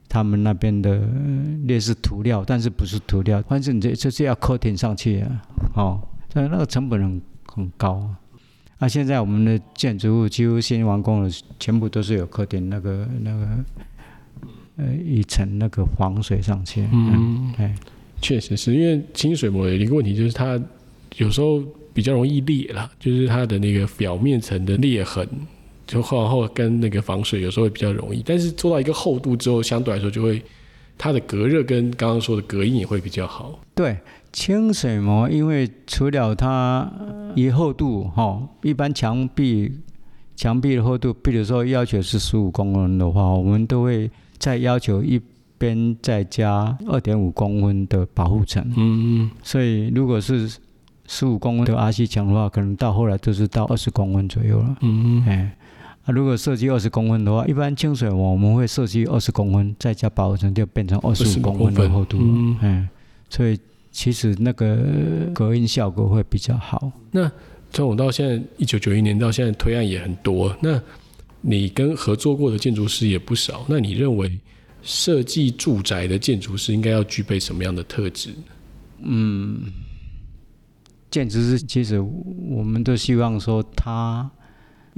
他們那邊的類似塗料，但是不是塗料，反正你這就是要扣填上去。啊，哦，但那個成本很很高啊。啊，現在我們的建築物幾乎新完工的全部都是有扣填那個那個呃一層那個防水上去。啊嗯。嗯，對，確實是因為清水模有一個問題，就是它有時候比較容易裂了，就是它的那個表面層的裂痕。就後，然後跟那個防水有時候會比較容易，但是做到一個厚度之後，相對來說就會它的隔熱跟剛剛說的隔音也會比較好。對，清水模因為除了它一厚度哈，一般牆壁牆壁的厚度，比如說要求是十五公分的話，我們都會再要求一邊再加二點五公分的保護層。嗯嗯，所以如果是十五公分的 RC 牆的話，可能到後來就是到二十公分左右了。嗯嗯，哎如果設計二十公分的話，一般清水我們會設計二十公分，再加保溫層就變成二十五公分的厚度了。嗯嗯。嗯，所以其實那個隔音效果會比較好。那從我到現在一九九一年到現在推案也很多，那你跟合作過的建築師也不少，那你認為設計住宅的建築師應該要具備什麼樣的特質？嗯，建築師其實我們都希望說他。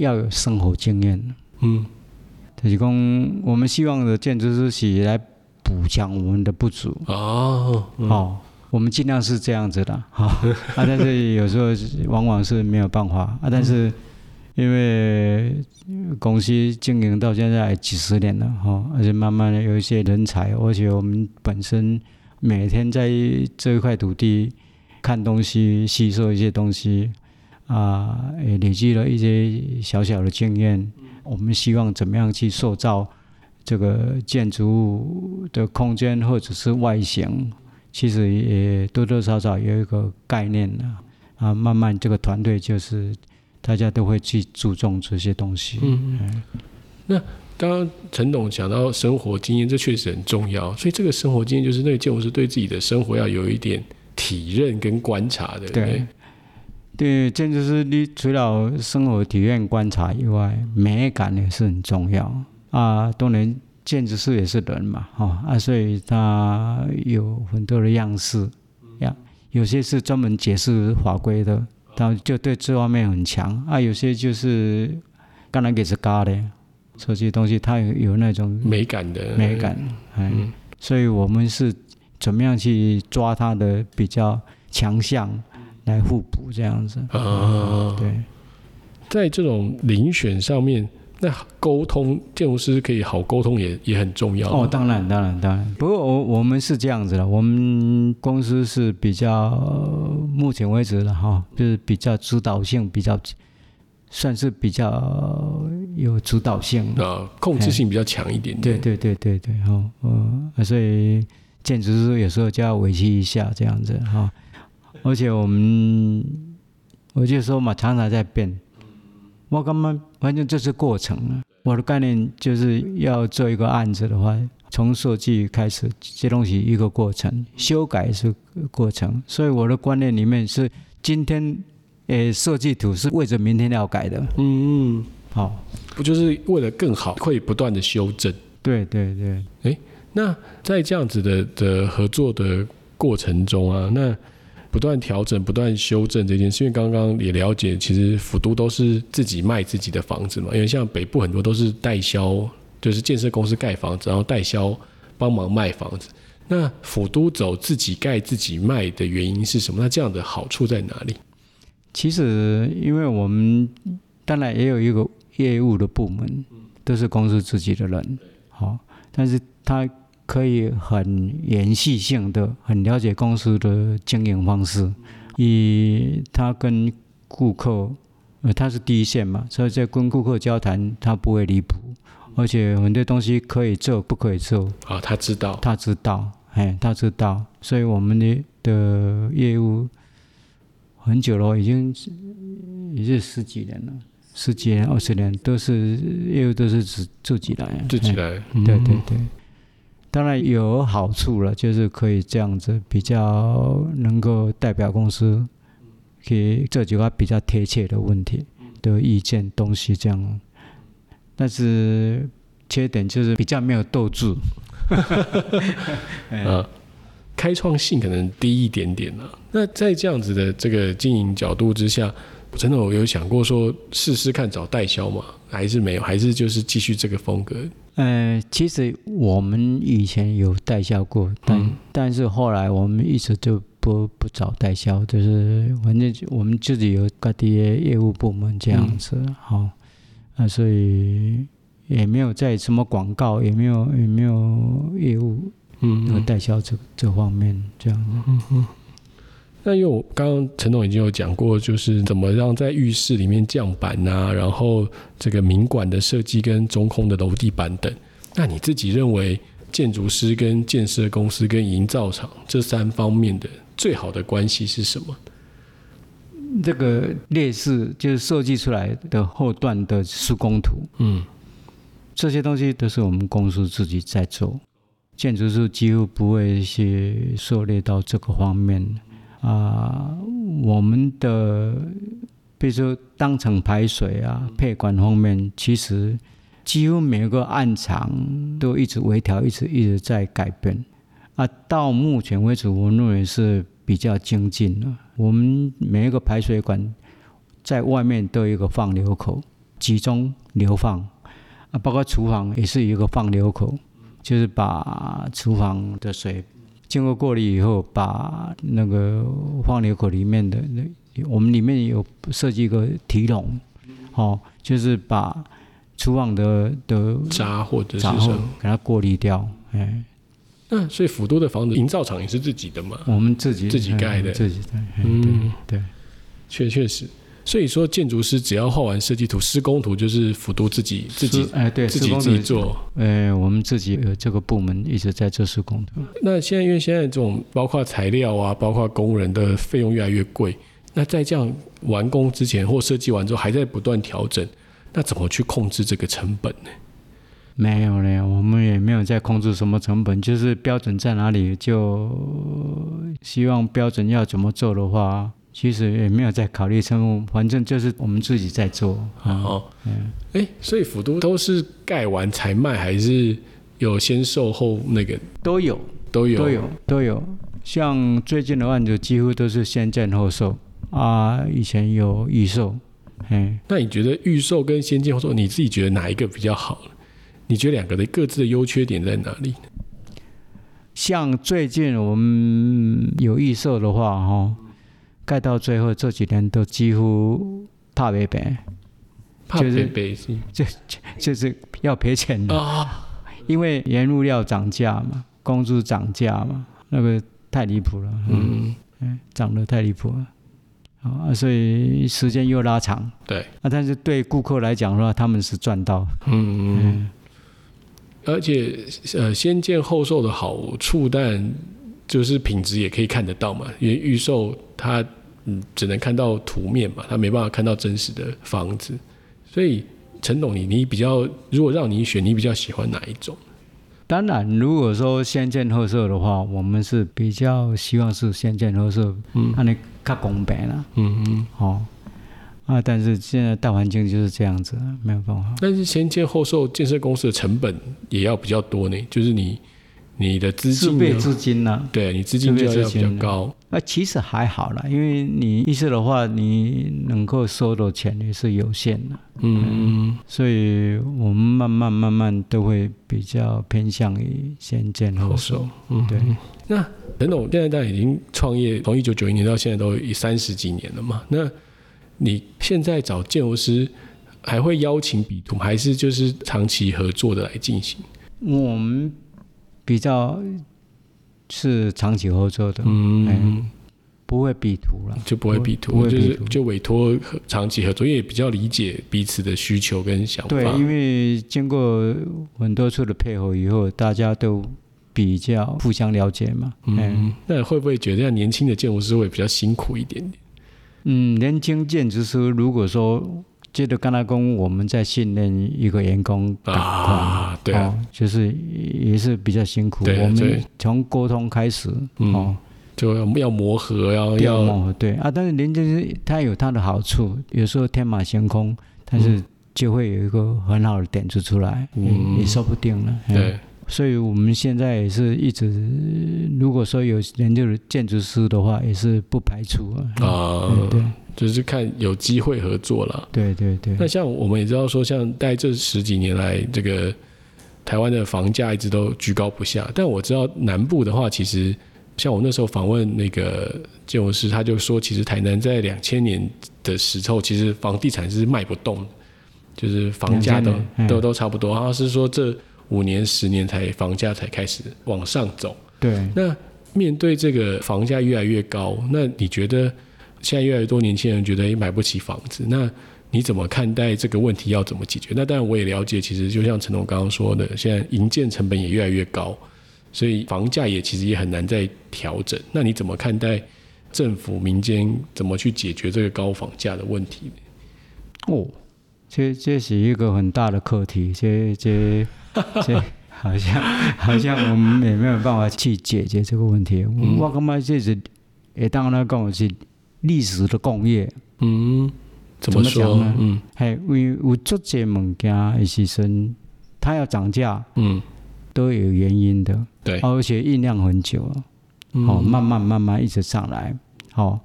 要有生活經驗，嗯，就是說我們希望的建築師喜來補強我們的不足哦、嗯。好，我們盡量是這樣子的哈 啊，但是有時候往往是沒有辦法、嗯、啊。但是因為公司經營到現在幾十年了哈，而且慢慢的有一些人才，而且我們本身每天在這一塊土地看東西，吸收一些東西。啊，也累積了一些小小的經驗，我們希望怎麼樣去塑造這個建築物的空間或者是外形，其實也多多少少有一個概念了啊。啊，慢慢這個團隊就是大家都會去注重這些東西。嗯嗯，那剛剛陳董講到生活經驗，這確實很重要。所以這個生活經驗就是那個建築師對自己的生活要有一點體認跟觀察的。對。對建築師，你除了生活體驗觀察以外，美感也是很重要啊。當然，建築師也是人嘛，哦、啊，所以他有很多的樣式樣、啊，有些是專門解釋法規的，他就對這方面很強啊。有些就是剛才給是搞的，所、啊、以東西它有，有那種美感的美感，的美感嗯，嗯。所以我們是怎麼樣去抓他的比較強項？來互補這樣子啊，對，在這種遴選上面，那溝通建築師可以好溝通也，也也很重要哦。當然，當然，當然。不過我我們是這樣子的，我們公司是比較目前為止的哈、哦，就是比較主導性，比較算是比較有主導性啊，控制性比較強一點點。哎、對，對，對，對，對哈，嗯、哦呃，所以建築師有時候就要委屈一下這樣子哈。哦而且我們，我就說嘛，常常在變。我根本，反正這是過程啊。我的概念就是，要做一個案子的話，從設計開始，這東西一個過程，修改是過程。所以我的觀念裡面是，今天誒、呃、設計圖是為着明天要改的。嗯嗯，好，不就是為了更好，會不斷的修正。對對對。誒，那在這樣子的的合作的過程中啊，那。不斷調整、不斷修正這件事，因為剛剛也了解，其實府都都是自己賣自己的房子嘛。因為像北部很多都是代銷，就是建設公司蓋房子，然後代銷幫忙賣房子。那府都走自己蓋、自己賣的原因是什麼？那這樣的好處在哪裡？其實，因為我們當然也有一個業務的部門，都是公司自己的人，好，但是他。可以很延續性的，很了解公司的經營方式，以他跟顧客，他是第一線嘛，所以在跟顧客交談，他不會離譜，而且很多東西可以做，不可以做。哦、啊，他知道，他知道，哎，他知道，所以我們的的業務很久了，已經已經十幾年了，十幾年、二十年都是業務，都是自自己來，自己來、嗯，對對對。當然有好處了，就是可以這樣子比較能夠代表公司，給這幾個，比較貼切的問題、嗯、的意見東西這樣。但是缺點就是比較沒有鬥志 嗯，啊，開創性可能低一點點了、啊。那在這樣子的這個經營角度之下，我真的我有想過說試試看找代銷嗎，還是沒有，還是就是繼續這個風格。呃，其實我們以前有代銷過，但、嗯、但是後來我們一直就不不找代銷，就是反正我們自己有各地的業務部門這樣子，好、嗯，啊、哦呃，所以也沒有在什麼廣告，也沒有也沒有業務嗯，代銷這嗯嗯這方面這樣子。嗯那因為我剛剛陳總已經有講過，就是怎麼讓在浴室裡面降板啊，然後這個明管的設計跟中空的樓地板等。那你自己認為，建築師跟建設公司跟營造廠這三方面的最好的關係是什麼？這個劣勢就是設計出來的後段的施工圖，嗯，這些東西都是我們公司自己在做，建築師幾乎不會去涉獵到這個方面啊，我們的比如說當層排水啊，配管方面，其實幾乎每個案場都一直微調，一直一直在改變。啊，到目前為止，我認為是比較精進了、啊。我們每一個排水管在外面都有一個放流口，集中流放。啊，包括廚房也是有一個放流口，就是把廚房的水。經過過濾以後，把那個放流口裡面的那，我們裡面有設計一個提籠，哦，就是把廚房的的渣或者是什麼，給它過濾掉。哎，那、啊、所以府都的房子營造廠也是自己的嘛，我們自己自己蓋的，嗯、自己蓋。嗯對對，對，確確實。所以說，建築師只要畫完設計圖、施工圖，就是府都自己自己哎，對，自己自己做。哎，我們自己這個部門一直在做施工圖。那現在，因為現在這種包括材料啊，包括工人的費用越來越貴，那在這樣完工之前或設計完之後還在不斷調整，那怎麼去控制這個成本呢？沒有了，我們也沒有在控制什麼成本，就是標準在哪裡，就希望標準要怎麼做的話。其實也沒有在考慮什麼，反正就是我們自己在做。哦、嗯，哎、嗯欸，所以府都都是蓋完才賣，還是有先售後那個？都有，都有，都有，都有。像最近的案子，幾乎都是先建後售啊。以前有預售，嗯。那你覺得預售跟先建後售，你自己覺得哪一個比較好？你覺得兩個的各自的優缺點在哪裡？像最近我們有預售的話，哈、嗯。再到最後這幾年都幾乎踏白白怕賠本，就是，是就就，就是要賠錢，的、哦、因為原物料漲價嘛，工資漲價嘛，那個太離譜了，嗯，漲、嗯、得太離譜了，啊，所以時間又拉長，對，啊，但是對顧客來講的話，他們是賺到，嗯嗯，嗯，嗯，而且呃先建後售的好處，但就是品質也可以看得到嘛，因為預售它。嗯，只能看到圖面嘛，他沒辦法看到真實的房子，所以陳董，你你比較，如果讓你選，你比較喜歡哪一種？當然，如果說先建後售的話，我們是比較希望是先建後售，嗯，那你較公平啦，嗯嗯，好、哦，啊，但是現在大環境就是這樣子，沒有辦法。但是先建後售，建設公司的成本也要比較多呢，就是你。你的資金自資金，啊，對你資金要求比較高。那，啊啊，其實還好啦，因為你意思的話，你能夠收的錢也是有限的，嗯嗯嗯，嗯，所以我們慢慢慢慢都會比較偏向於先建後收，好嗯，嗯，對。那陳總現在大概已經創業，從一九九一年到現在都三十幾年了嘛。那你現在找建築師，還會邀請比圖，還是就是長期合作的來進行？我們。比較是長期合作的，嗯，欸、不會比圖了，就不會比圖、圖，就是就委託長期合作，因為也比較理解彼此的需求跟想法。對，因為經過很多次的配合以後，大家都比較互相了解嘛。嗯，那、嗯、會不會覺得年輕的建築師會比較辛苦一點點？嗯，年輕建築師如果說。記得剛才跟我們在訓練一個員工，啊，對啊、哦，就是也是比較辛苦。啊、我們從溝通開始、嗯，哦，就要磨合，要要磨合，對啊。但是人家是他有他的好處，有時候天馬行空，但是就會有一個很好的點子出來，嗯、也說不定了。嗯、對。所以我們現在也是一直，如果說有研究的建築師的話，也是不排除啊。啊、嗯，對，對。就是看有機會合作了。對對對。那像我們也知道說，像在這十幾年來，這個台灣的房價一直都居高不下。但我知道南部的話，其實像我那時候訪問那個建築師，他就說，其實台南在兩千年的時候，其實房地產是賣不動，就是房價都都都差不多。然、嗯、後是說這。五年十年才房價才開始往上走，對。那面對這個房價越來越高，那你覺得現在越來越多年輕人覺得也、哎、買不起房子，那你怎麼看待這個問題？要怎麼解決？那當然我也了解，其實就像陳總剛剛說的，現在營建成本也越來越高，所以房價也其實也很難再調整。那你怎麼看待政府、民間怎麼去解決這個高房價的問題？哦，這這是一個很大的課題，這這。 好像好像我們也沒有辦法去解決這個問題。嗯、我恐怕這是，也當然講是歷史的共業。嗯，怎麼說怎麼講呢？嗯，因為有足些物件，也是說它要漲價，嗯，都有原因的。對，而且醞釀很久了，好、嗯哦，慢慢慢慢一直上來。好、哦，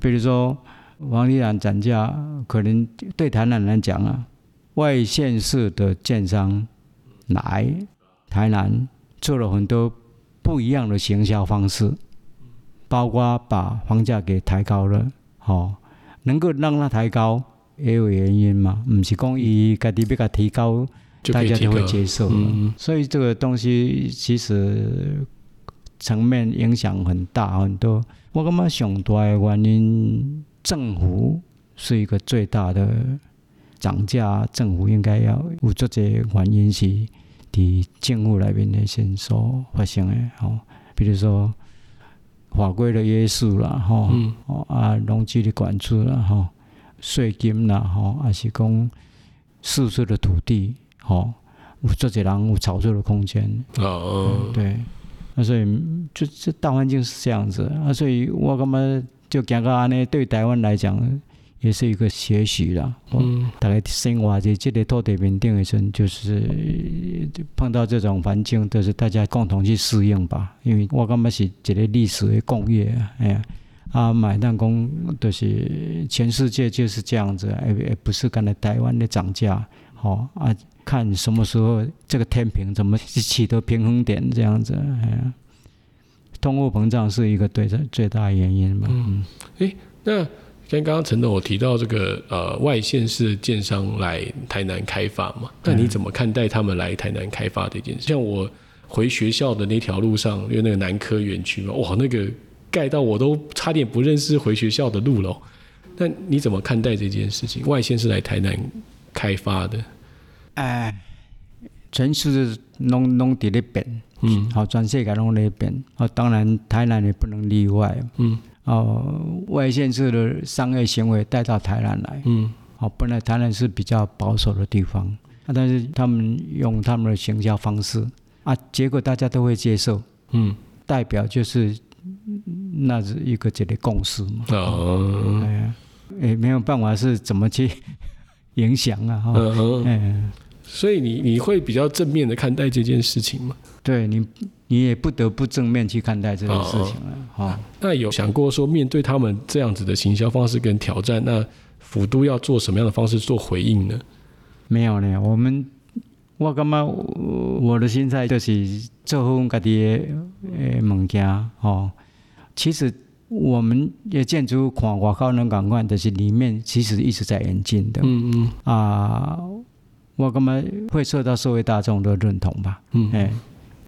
比如說房地產漲價，可能對台南來講啊，外縣市的建商。來台南做了很多不一樣的行銷方式，包括把房價給抬高了，哦，能夠讓它抬高也有原因嘛，唔是講伊家己比較提高就提，大家就會接受，嗯。所以這個東西其實層面影響很大很多。我感覺上大的原因政府是一個最大的漲價，政府應該要，有做這原因是。佇政府內面咧先所發生誒吼，比如說法規的約束啦吼，哦、嗯、啊農地的管制啦吼，稅金啦吼，啊是講私有土地吼，有足儕人有炒作的空間哦，哦，哦，對，啊所以就這大環境是這樣子，啊所以我感覺就行較安尼對台灣來講。也是一個學習啦，嗯，大家生活在這個土地面頂的時，就是碰到這種環境，都、就是大家共同去適應吧。因為我感覺是一個歷史的共業，哎呀，啊，買單工都是全世界就是這樣子，也，不是剛才台灣的漲價，哦，啊，看什麼時候這個天平怎麼去取得平衡點，這樣子，哎、呀通貨膨脹是一個最最大原因嘛，嗯，哎、欸，那。像剛剛陳董我提到這個呃外縣市建商來台南開發嘛，那、嗯、你怎麼看待他們來台南開發這件事？像我回學校的那條路上，因為那個南科園區嘛，哇，那個蓋到我都差點不認識回學校的路了、哦。那你怎麼看待這件事情？外縣市來台南開發的，哎、呃，全是弄弄的那邊，嗯，好，全世界弄那邊，啊，當然台南也不能例外，嗯。哦，外縣市的商業行為帶到台南來，嗯，好、哦，本來台南是比較保守的地方，啊、但是他們用他們的行銷方式啊，結果大家都會接受，嗯，代表就是那是一個這類共識嘛，哦、嗯，呀、嗯，也、哎哎、沒有辦法是怎麼去影響啊，哈、哦，嗯。嗯所以你你會比較正面的看待這件事情嗎？對你，你也不得不正面去看待這件事情了哦哦、哦啊。那有想過說面對他們這樣子的行銷方式跟挑戰，那府都要做什麼樣的方式做回應呢？沒有呢。我們我剛剛我，我的心態就是做分家的物件哦。其實我們也建築看外高能港觀，但、就是裡面其實一直在演進的。嗯嗯啊。我幹嘛會受到社會大眾的認同吧？哎、嗯欸，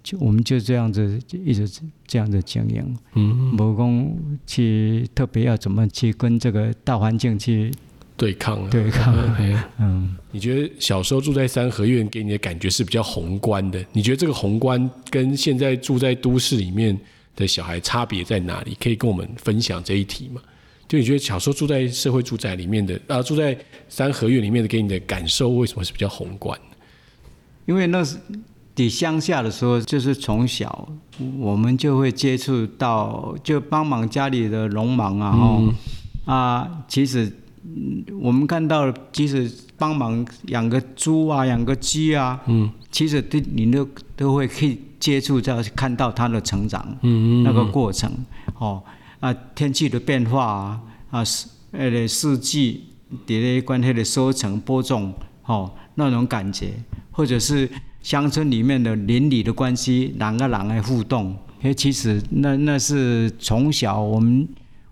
就我們就這樣子一直這樣子經營，嗯功去特別要怎麼去跟這個大環境去對抗？對抗嗯？嗯，你覺得小時候住在三合院給你的感覺是比較宏觀的？你覺得這個宏觀跟現在住在都市裡面的小孩差別在哪裡？可以跟我們分享這一題嗎？就你覺得小時候住在社會住宅裡面的啊，住在三合院裡面的，給你的感受為什麼是比較宏觀？因為那是你鄉下的時候，就是從小我們就會接觸到，就幫忙家裡的農忙啊哦，哦、嗯，啊，其實我們看到了即使幫忙養個豬啊，養個雞啊，嗯，其實都你都都會去接觸到看到它的成長，嗯嗯，嗯，那個過程，哦。啊，天氣的變化啊，啊，四那四季，這些關係的收成、播種，哦，那種感覺，或者是鄉村裡面的鄰里的關係，兩個人來互動，哎，其實那那是從小我們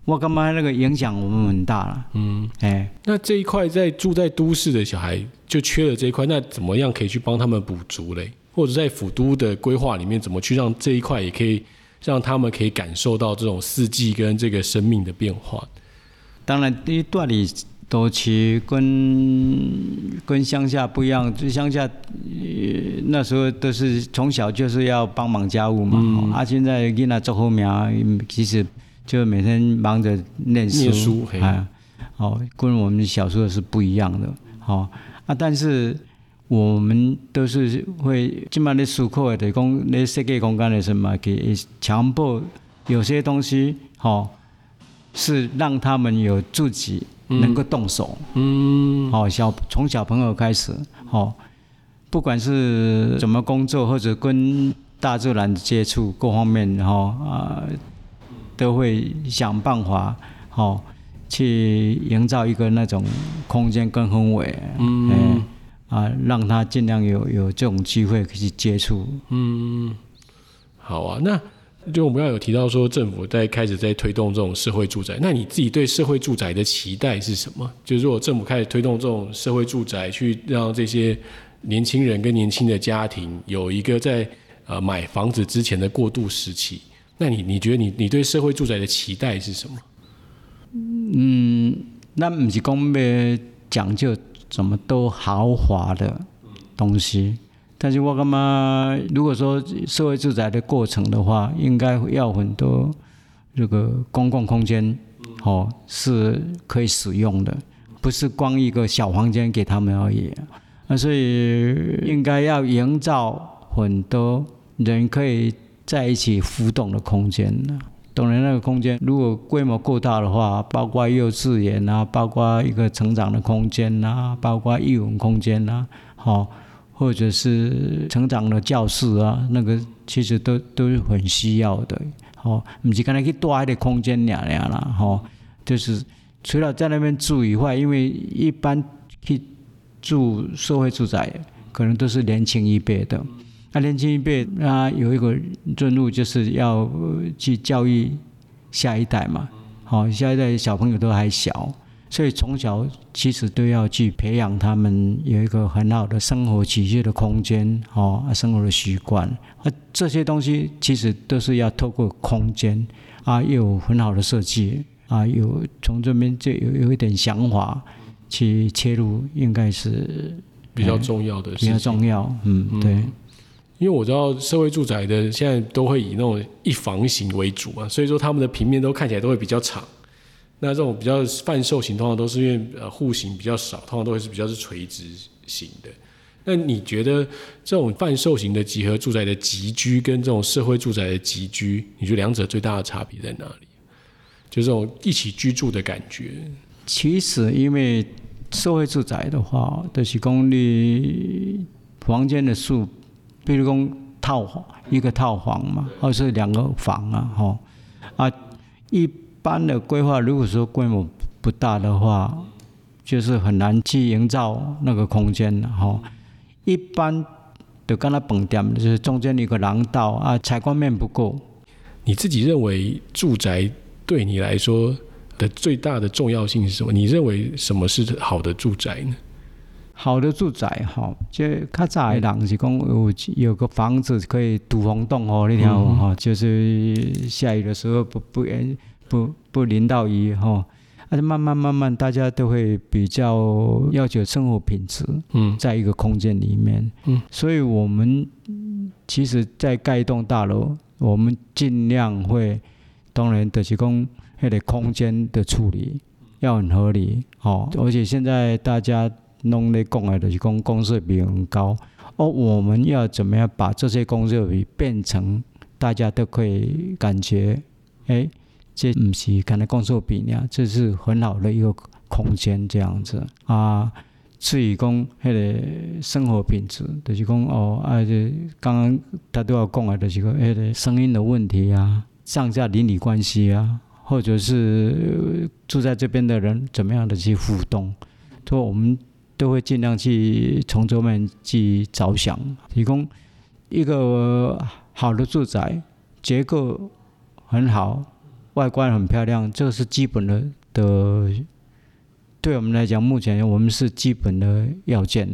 我覺得那個影響我們很大啦。嗯，哎、欸，那這一塊在住在都市的小孩就缺了這一塊，那怎麼樣可以去幫他們補足嘞？或者在府都的規劃裡面，怎麼去讓這一塊也可以？讓他們可以感受到這種四季跟這個生命的變化。當然，第一段裡頭其實跟跟鄉下不一樣，就鄉下那時候都是從小就是要幫忙家務嘛。嗯、啊，現在囡仔做後面，其實就每天忙着念書念書啊，哦，跟我們小時候是不一樣的。好、嗯、啊，但是。我們都是會，即嘛咧授課的，講咧設計空間的什麼，給強迫有些東西，吼，是讓他們有自己能夠動手，嗯，好小從小朋友開始，好，不管是怎麼工作或者跟大自然接觸各方面，吼、呃、啊，都會想辦法，好去營造一個那種空間跟氛圍，嗯。啊，讓他儘量有有這種機會可以去接觸。嗯，好啊，那就我們剛剛有提到說，政府在開始在推動這種社會住宅。那你自己對社會住宅的期待是什麼？就是如果政府開始推動這種社會住宅，去讓這些年輕人跟年輕的家庭有一個在呃買房子之前的過渡時期，那你你覺得你你對社會住宅的期待是什麼？嗯，那不是講要講究。什麼都豪華的東西，但是我感覺，如果說社會住宅的過程的話，應該要很多這個公共空間，哦，是可以使用的，不是光一個小房間給他們而已，那所以應該要營造很多人可以在一起互動的空間呢。當然，那個空間，如果規模夠大的話，包括幼稚園啊，包括一個成長的空間啊，包括藝文空間啊，好、哦，或者是成長的教室啊，那個其實都都是很需要的。好、哦，不是剛才去大一點空間那樣了，好、哦，就是除了在那邊住以外，因為一般去住社會住宅，可能都是年輕一輩的。那、啊、年輕一輩，啊，有一個任務就是要、呃、去教育下一代嘛。好、哦，下一代小朋友都還小，所以從小其實都要去培養他們有一個很好的生活起居的空間，好、哦、啊、生活的習慣啊，這些東西其實都是要透過空間啊，有很好的設計啊，有從這邊就有有一點想法去切入應該，應該是比較重要的事情、哎，比較重要。嗯，嗯，對。因為我知道社會住宅的現在都會以那種一房型為主嘛，所以說他們的平面都看起來都會比較長。那這種比較販售型，通常都是因為呃戶型比較少，通常都會是比較是垂直型的。那你覺得這種販售型的集合住宅的集居，跟這種社會住宅的集居，你覺得兩者最大的差別在哪裡？就這種一起居住的感覺。其實因為社會住宅的話，這、就、些、是、公寓房間的數。比如講套房一個套房嘛，或是兩個房啊，吼、哦、啊一般的規劃，如果說規模不大的話，就是很難去營造那個空間的吼、哦。一般的，剛才本點就是中間有個廊道啊，採光面不夠。你自己認為住宅對你來說的最大的重要性是什麼？你認為什麼是好的住宅呢？好的住宅，哈，就是較早人是講有有個房子可以堵風洞哦，你聽我哈，就是下雨的時候不不不不淋到雨哈。而且慢慢慢慢，大家都會比較要求生活品質。嗯，在一個空間裡面嗯。嗯，所以我們其實在蓋一棟大樓，我們盡量會，當然，就是講那個空間的處理要很合理，哦、嗯，而且現在大家。弄咧講啊，就是講公設比很高，哦，而我們要怎麼樣把這些公設比變成大家都可以感覺，哎，這毋是講的公設比呢？這是很好的一個空間這樣子啊。至於講迄，那個生活品質，就是講哦，啊，就剛剛他都要講啊，就是講迄，那個聲音的問題啊，上下鄰里關係啊，或者是住在這邊的人怎麼樣的去互動，所以我們。都會盡量去從這方面去着想提供一個好的住宅，結構很好，外觀很漂亮，這是基本的的。對我們來講，目前我們是基本的要件，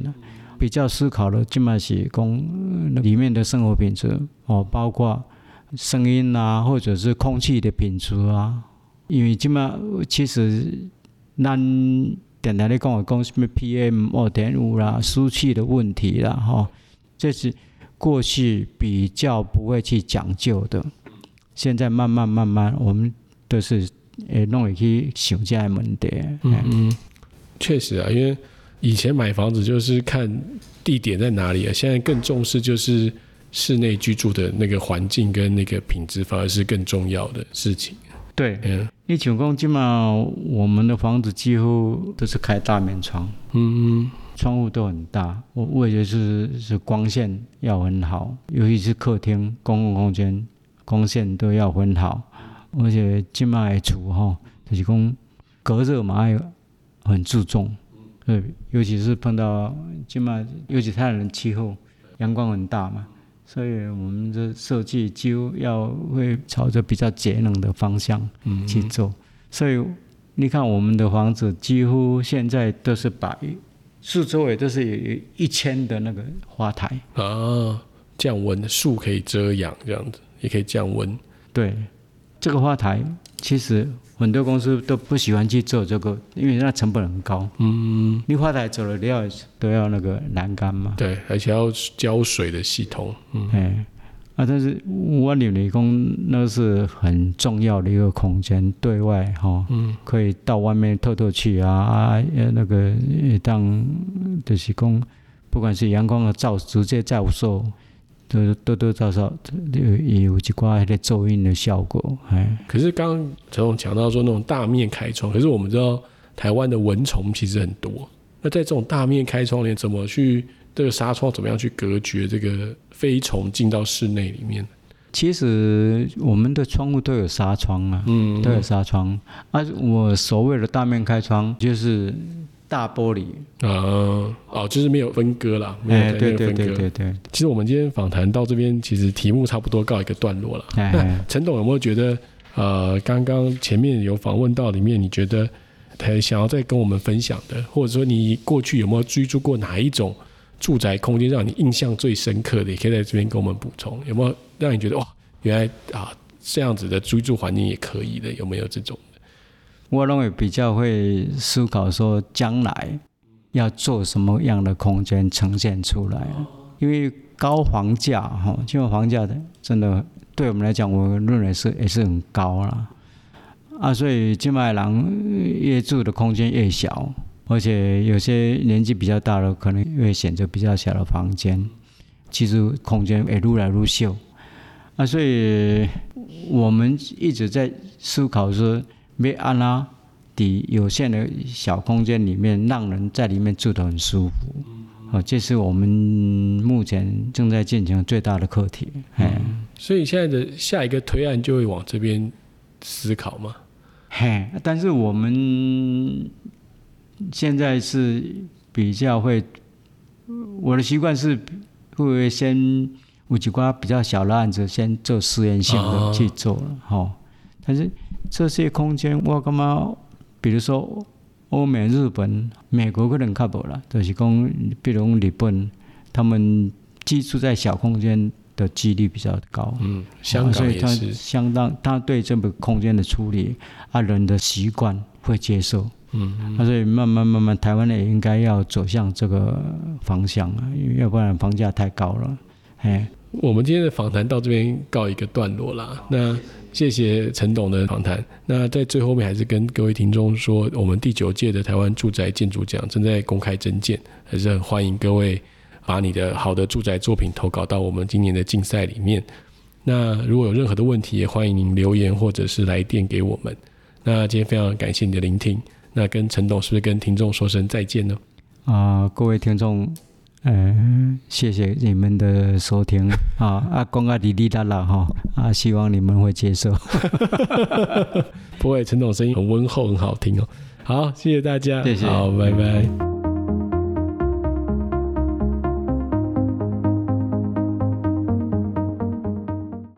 比較思考的，這麼是講裡面的生活品質哦，包括聲音啊，或者是空氣的品質啊。因為這麼其實難。電台你跟我講什麼 PM 二點五啦、濕氣的問題啦，吼，這是過去比較不會去講究的，現在慢慢慢慢，我們都是誒弄去想家門的。嗯嗯，確實啊，因為以前買房子就是看地點在哪裡啊，現在更重視就是室內居住的那個環境跟那個品質，反而是更重要的事情。對，嗯。因為總共起我們的房子幾乎都是開大面窗，嗯，嗯，窗戶都很大。我也覺得是是光線要很好，尤其是客廳公共空間光線都要很好。而且起碼還儲哈，就是講隔熱嘛，要很注重。對，尤其是碰到起碼尤其太陽的氣候陽光很大嘛。所以我們的設計幾乎要會朝着比較節能的方向去做。嗯。所以你看，我們的房子幾乎現在都是把樹周圍都是有一千的那個花台。啊，降溫的樹可以遮陽，這樣子也可以降溫。對，這個花台。其實很多公司都不喜歡去做這個，因為那成本很高。嗯，綠化帶，走的料都要那個欄杆嘛。對，而且要澆水的系統。嗯，啊，但是蝸牛理工那是很重要的一個空間，對外哈、哦，嗯，可以到外面透透氣啊，呃、啊，那個當就是工，不管是陽光的照，直接照射。多多多少少有有一寡那個噪音的效果，哎。可是剛陳總講到說那種大面開窗，可是我們知道台灣的蚊蟲其實很多。那在這種大面開窗簾，怎麼去這個紗窗怎麼樣去隔絕這個飛蟲進到室內裡面？其實我們的窗戶都有紗窗啊，嗯，嗯，都有紗窗。啊，我所謂的大面開窗就是。大玻璃啊、嗯，哦，就是沒有分割了，沒有沒有分割。欸、對，對，對，對，對對，其實我們今天訪談到這邊，其實題目差不多告一個段落了，欸。那陳董有沒有覺得，呃，剛剛前面有訪問到裡面，你覺得，他想要再跟我們分享的，或者說你過去有沒有居住過哪一種住宅空間讓你印象最深刻的，也可以在這邊跟我們補充。有沒有讓你覺得哇，原來啊這樣子的居住環境也可以的？有沒有這種？我認為比較會思考說，將來要做什麼樣的空間呈現出來？因為高房價，這就房價的真的對我們來講我，我認為是也是很高了。啊，所以金馬人越住的空間越小，而且有些年紀比較大的，可能會選擇比較小的房間。其實空間也越來越小。啊，所以我們一直在思考說。沒按啦，的有限的小空間裡面，讓人在裡面住得很舒服。哦，這是我們目前正在進行最大的課題，嗯。所以現在的下一個推案就會往這邊思考嗎？嘿，但是我們現在是比較會，我的習慣是會先，有幾個比較小的案子先做試驗性的去做了，啊啊哦。但是。這些空間，我感覺，比如說歐美、日本、美國可能看不啦，就是講，比如日本，他們居住在小空間的幾率比較高。嗯，香港也是，啊、相當他對這個空間的處理，啊，人的習慣會接受。嗯、啊、所以慢慢慢慢，台灣也應該要走向這個方向啊，因為要不然房價太高了。哎，我們今天的訪談到這邊告一個段落了。那。謝謝陳董的訪談，談。那在最後面還是跟各位聽眾說，我們第九屆的台灣住宅建築獎正在公開徵件，還是很歡迎各位把你的好的住宅作品投稿到我們今年的競賽裡面。那如果有任何的問題，也歡迎您留言或者是來電給我們。那今天非常感謝你的聆聽。那跟陳董是不是跟聽眾說聲再見呢？啊、呃，各位聽眾。嗯，謝謝你們的收聽 啊！阿公阿弟弟來了哈，啊，希望你們會接受。 不會，陳總聲音很溫厚，很好聽哦。好，謝謝大家，謝謝，好，拜拜。拜拜。